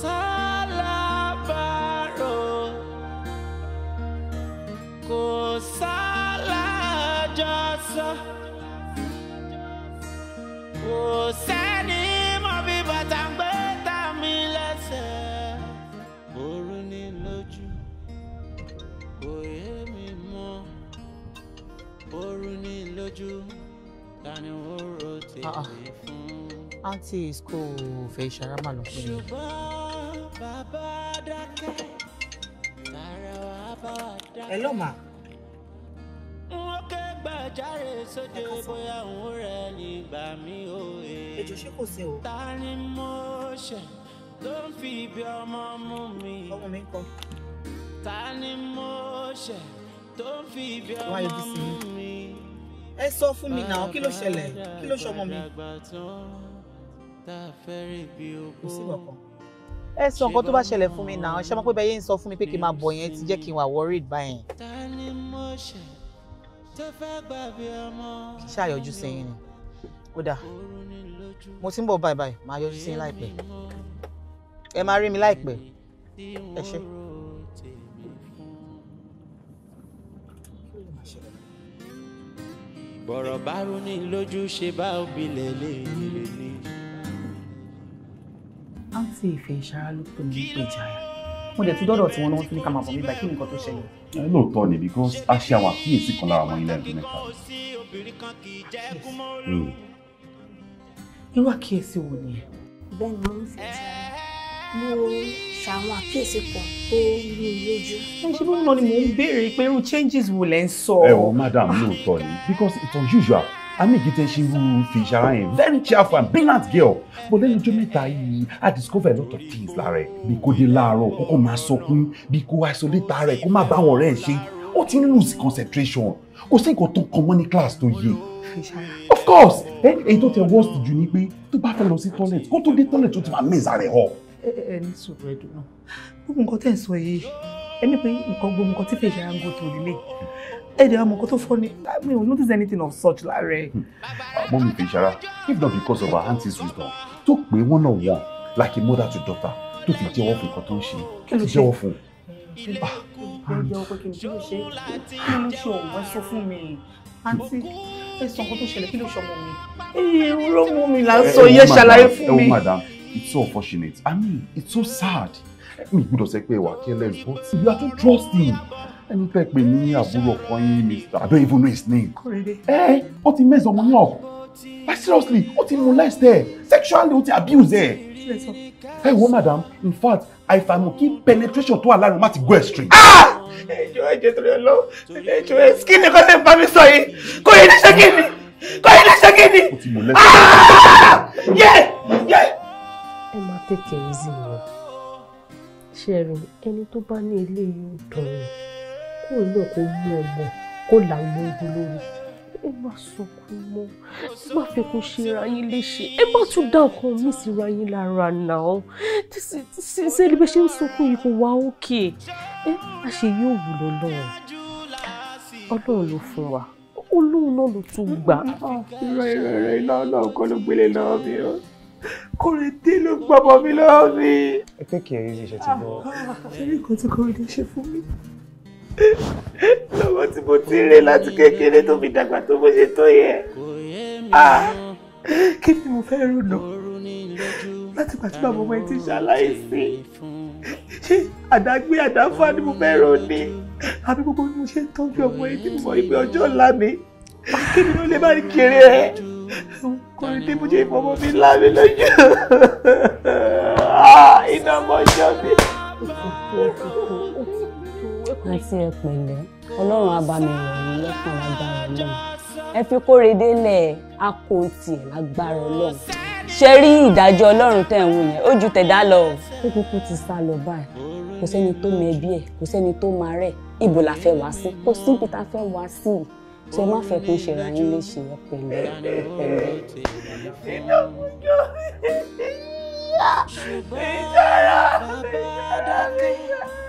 sálábàárò kò sálájọsọ kò sẹ́ni mọ bí bàtà gbé ta mi lẹ́sẹ̀ òru ni lójú kò mi mọ́ òru ni lójú ta ni ó ro ah, ah. tèmi fún. àǹtí isco fẹ́ ṣàrámà lọ fún mi. ṣùgbọ́n bàbá dákẹ́ tààrà. Hello ma. Wọ́n ké gbàjáre sóde bóyá òun rẹ̀ nígbà mí ò he. Èjò ṣé kò sí o. Ta ni mo ṣẹ̀ tó ń fi ibi ọmọ mú mi? Ọmọ mi kọ. Ta ni mo ṣẹ̀ tó ń fi ibi ọmọ mú mi? Ẹ sọ fún mi náà kí ló ṣẹlẹ̀ kí ló ṣọmọ mi? Kò sí ọkàn ẹ sọ nǹkan tó bá ṣẹlẹ̀ fún mi náà ṣé mo pé bẹ́ẹ̀ yẹn ń sọ fún mi pé kí n máa bọ̀ yẹn ti jẹ́ kí n wà worried báyẹn. kì í ṣàyọjú sẹ́yìn ni kódà mo ti ń bọ̀ báyìí báyìí màá yọjú sẹ́yìn láìpẹ́ ẹ máa rí mi láìpẹ́ ẹ ṣé. bọ̀rọ̀ bá rú lójú ṣe bá òbí lẹ̀ lè rè ni àǹtí ìfẹ́ ìṣara ló pè mí pé jàyà mo dẹ̀ tún dọ́dọ̀ tí wọ́n lọ́wọ́ tún ní ká máa bọ̀ mí báyìí kí nǹkan tó ṣẹlẹ̀. ẹ lóòótọ́ ni because a ṣe àwọn àkíyèsí kan lára àwọn ilé ẹ̀dùn mẹ́ta. Hmm. irú àkíyèsí wo ni ẹ. bẹ́ẹ̀ ni mo ń fẹ́ mo ṣàwọn àkíyèsí kan tó rú mi lójú. ẹ ṣe bí wọn ni mò ń béèrè pé irú changes wo lẹ ń sọ. ẹ wọ madam lóòótọ́ ni because it's unusual amíkìtẹ́ ṣe irú fi ìṣara yẹn very cheerful and brilliant girl but lẹ́nu ọjọ́ mẹ́ta yìí i discover a lot of things lára ẹ̀ bí kò dé láàárọ̀ kókò máa sọkún bí kò isolate ara ẹ̀ kó má bá àwọn ọ̀rẹ́ ẹ̀ ṣe ó ti ń lose concentration kò sí nǹkan tó ń kan mọ́ ní class tó yẹ of course èyí tó tẹ worst jù ni pé tó bá fẹ́ lọ sí toilet kó tó dé toilet ó ti máa mẹ́sà rẹ̀ họ. ẹ ẹ ní sùúrù ẹ dùn náà gbogbo nǹkan tẹ̀ ń sọ yìí ẹni pé nǹkan gbogbo nǹkan tí fèjì ẹ̀dẹ̀ amọ̀kọ́ tó fọ́ ni I mean, we notice anything of such lára ẹ̀. mọ́ hmm. mi fi ìṣara if not because of our auntie's wisdom tó pé one on one like a mother to daughter tó fi jẹ́wọ́ fún nǹkan tó ń ṣe tó fi jẹ́wọ́ fún un. ẹ̀jẹ̀ ọkọ̀ kìí ṣe kí ló ṣe ọ̀gbọ́n sọ fún mi àǹtí ẹ̀sùn ọkọ̀ tó ṣẹlẹ̀ kí ló ṣọmọ mi. iye olómọ mi là ń sọ iye eh, eh, ṣàlàyé eh, fún mi. ẹ wo oh, madam it's so unfortunate I mean it's so sad mi gbọ́dọ̀ sẹ pé wà kí ẹ lẹ́rìí you have to trust ẹni tẹ́ pè ní àbúrò ọkọ yín mr i don't even know his name. ẹ ó ti mess ọmọ náà like seriously ó ti molest ẹ sexually ó ti abuse ẹ. ẹ wo madam in fact àìfàmù kí penetration tó wà láàrin má ti go extreme. ẹjọ ẹjẹ torí ọlọ ẹjọ ẹ skin ni kọ́sẹ̀ ń bá mi sọ yìí kò yẹ ní kí ni kò yẹ ní kí ni. ó ti molest ah! ẹ. ẹ máa tẹ̀kẹ̀ ẹ́ sí mi ṣẹ́rin ẹni tó bá ní ilé yóò dán ni kúrò náà kó mú ọmọ kó là ń lo ogun lórí. ẹ má sọkún mọ́ ẹ má fi kún ṣera yín léṣe ẹ má tún dá nǹkan mi síra yín lára náà ṣẹlẹ bẹ ṣe ń sunkún yìí kò wá òkè ẹ má ṣe yóò wù lọ́lọ́run Ọlọ́run ló fún wa olóhùn náà ló tún gbà. ìrọ̀ ìrọ̀ ìrọ̀ iná ọlọ́run kọ́ ló gbélé náà mi o kòrèdé ló gbọ́mọ mi lọ́wọ́ mi. ẹ tẹ́kẹ̀ẹ́ ah, rí iṣẹ́ ti gbọ́. ṣé nǹkan tí kòrèdé ṣe fún mi lọ́wọ́ tí mo ti ré láti kékeré tó fi dàgbà tó bó ṣe tó yẹ kí ni mo fẹ́ rò náà láti gbà tí bàbá ọmọ ẹ ti ṣàlàyé ṣé àdágbé àdáfà ni mo fẹ́ rò ni àbí gbogbo bí mo ṣe ń tọ́jú ọmọ ẹ tí mo mọ̀ ọjọ́ ńlá mi kí ni mo lè bá kiri ẹ kọrin tí mo ṣe ìfọwọ́ mi ńlá mi lójú iná mọ́jọ́ mi àǹtí ẹ pẹ̀lẹ́ ọlọ́run abàmì ìrọ̀rùn lọ́kàn lágbára ọlọ́run ẹ fi kórede lẹ̀ á kó tiẹ̀ lágbára ọlọ́run ṣe rí ìdájọ́ ọlọ́run tẹ̀ ń wò yẹn ó ju tẹ̀dá lọ. ó kúkú ti sá lọ báyìí kò sẹ́ni tó mọ ẹbí ẹ̀ kò sẹ́ni tó máa rẹ̀ ibo la fẹ́ wá sí kò síbi tá a fẹ́ wá sí i ṣe má fẹ́ kó ṣe ra yín léṣe ẹ pẹ̀lẹ́ ẹ pẹ̀lẹ́. ṣùgbọ́n bàbá dákẹ́.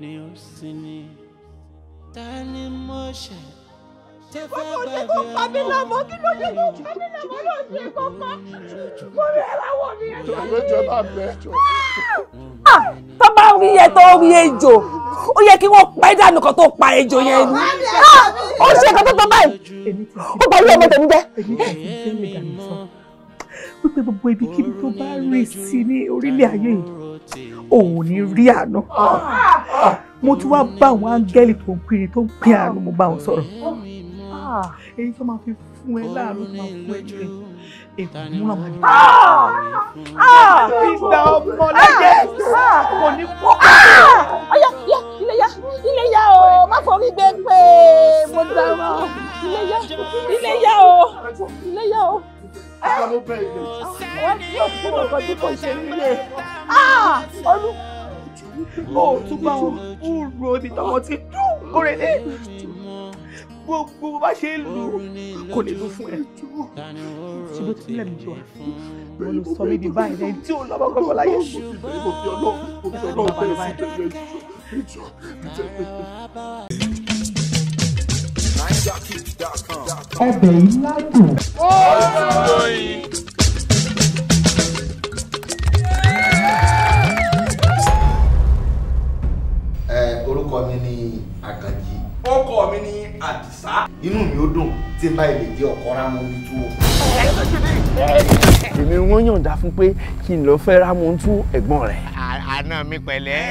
ni ó sì ní ta ni mo ṣe tẹ fẹ́ bá bí ọmọ lọ́mọ kí ló dé tó pa mí lọ́mọ ló ṣe kọ́kọ́ mo rí ẹ̀ráwọ̀ mi ẹ̀ lọ́wọ́ ẹjọ́ bá bẹ̀ ẹjọ́. tó bá rí ẹ tó rí ejò ó yẹ kí wọ́n pa ẹ́ dànù kan tó pa ejò yẹn ni ah! ó ṣe kan tó tọ́ báyìí ó gbà yí ọmọ tèmi jẹ́. wípé gbogbo ibikíbi tó bá rìn sí ní orílẹ̀ ayé yìí òun ò ní rí àánú mo tún wá bá àwọn áńgẹ́lì tó ń pín tó ń pín àánú mo bá wọn sọ̀rọ̀ èyí tó máa fi fún ẹ láàánú tó máa fún ẹ jù ẹ èkó múra máa dùn. ìgbà ọmọ lẹ́yẹ kò ní kú. ọyọ yẹ iléyá iléyá o má forí gbé pé mo dáná iléyá iléyá o iléyá o àgbà ló bẹ ilé. wọ́n ti yóò fún ọkọ tí kò ṣe nílé. olú ó tún bá wọn kúrò ní tọwọ́ ti dùn kórèlé gbogbo bá ṣe ń lù kò lè lù fún ẹ. ṣe ló ti lẹ́nu jù wá wọ́n lọ sọ mí di báyìí lẹ́yìn tí ò lọ́mọ kankan láyé. mo fi ọlọ́run mo fi ọlọ́run bẹ̀rẹ̀ sí ìtẹ̀lẹ́ ìjọ ìjọ ìjọ ọbẹ̀ yìí ládùn. orúkọ mi ni àkànjì. ọkọ mi ni àdìsá. inú mi ó dùn tí báyìí lè jẹ ọkọ rámọ omi tú o. èmi wọ́n yànda fún pé kí n lọ fẹ́ rámọ tú ẹ̀gbọ́n rẹ̀. àná mi pẹ̀lẹ́.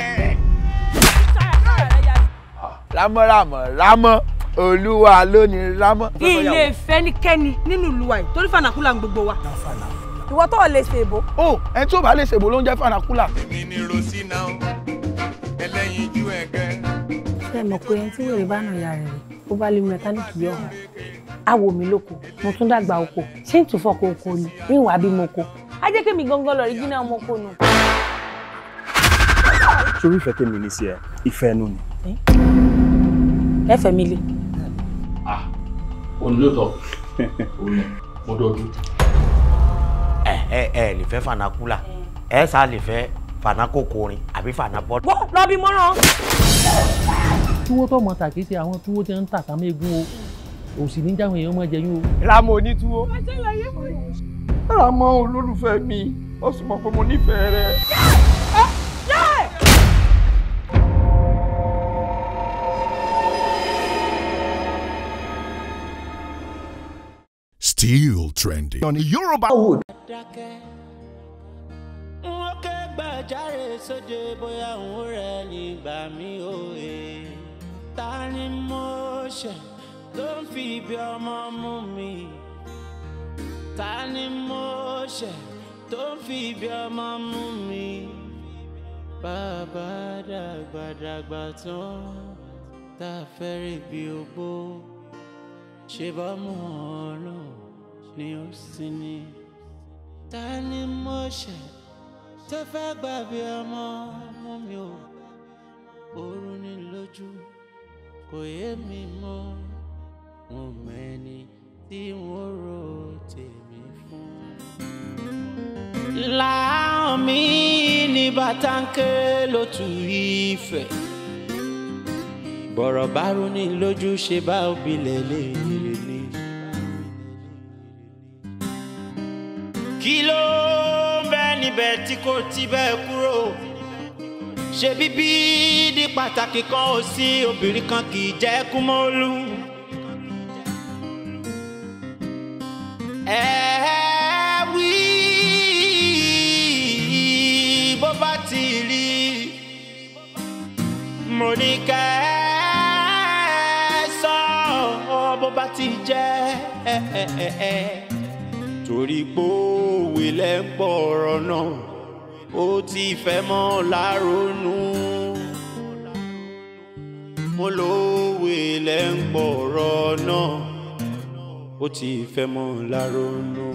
rámọ́rámọ́ rámọ́ olúwa lónìí rámọ́. ilé ìfẹ́ nìkẹ́ni nínú ìlúwa yìí torí fanakula ń gbogbo wa. ìwọ tó o lè ṣèbò. o ẹni tí o bá lè ṣèbò ló ń jẹ́ fanakula. èmi ni rosina ẹlẹ́yin ju ẹ̀gẹ́. ṣé mọ̀ pé ẹni tí wèrè bá nà ya rẹ̀ rẹ̀ ó bá lé mẹkáníìkì yọ̀ ọ́ awo mi lóko mo tún dàgbà oko ṣé n tún fọkọ oko ni ní ìwà bí mo ko a jẹ́ kémi gangan lọ rí gíná ọmọ oko nù. sórí ìfẹ́ tèmi ní sí ẹ ìfẹ́ ẹnu ni. ẹ fẹ́ mi lé ah òun ló sọ òun lẹ mo dọdún. ẹ ẹ ẹ lè fẹ́ fanakula ẹ sá lè fẹ́ fanakokorin àbí fanabọ. wọ́n lọ bí mọ́ràn. túwó tó mọ tàkì ṣe àwọn túwó tí ń tà sámú egun o òsì ní jáwọn èèyàn mọ jẹyún o. ramọ onítúwó ramọ olólùfẹ́ mi ó sì mọ̀ pé mo nífẹ̀ẹ́ rẹ. still trending on Yoruba Wood. bàbá dàgbàdàgbà tán tá a fẹ́rẹ̀ bí ogbó ṣe bá mọ̀ ọ́ náà ni ó sì ní. ta ni mo ṣe tó fẹ́ gbà bí ọmọ mú mi ò oorun ní lójú kò yé mi mọ́ mo mẹ́ni tí mo rò tèmi fún. láàmú mi ní bàtà ń ké lótú ìfẹ́ bọ̀rọ̀ bá rú lójú ṣe bá òbí lẹ̀ lé ní. kí ló ń bẹ níbẹ̀ tí kò ti bẹ́ẹ̀ kúrò ṣe bíbí di pàtàkì kan ò sí obìnrin kan kì í jẹ́ kú mọ́lú. ẹ wí bó bá ti rí mo ní kẹ́ ẹ sọ bó bá ti jẹ́ torí pé òwe lẹ́ ń pọ̀ ọ̀rọ̀ náà ó ti fẹ́ mọ́ láronú mo lówe lẹ́ ń pọ̀ ọ̀rọ̀ náà ó ti fẹ́ mọ́ láronú.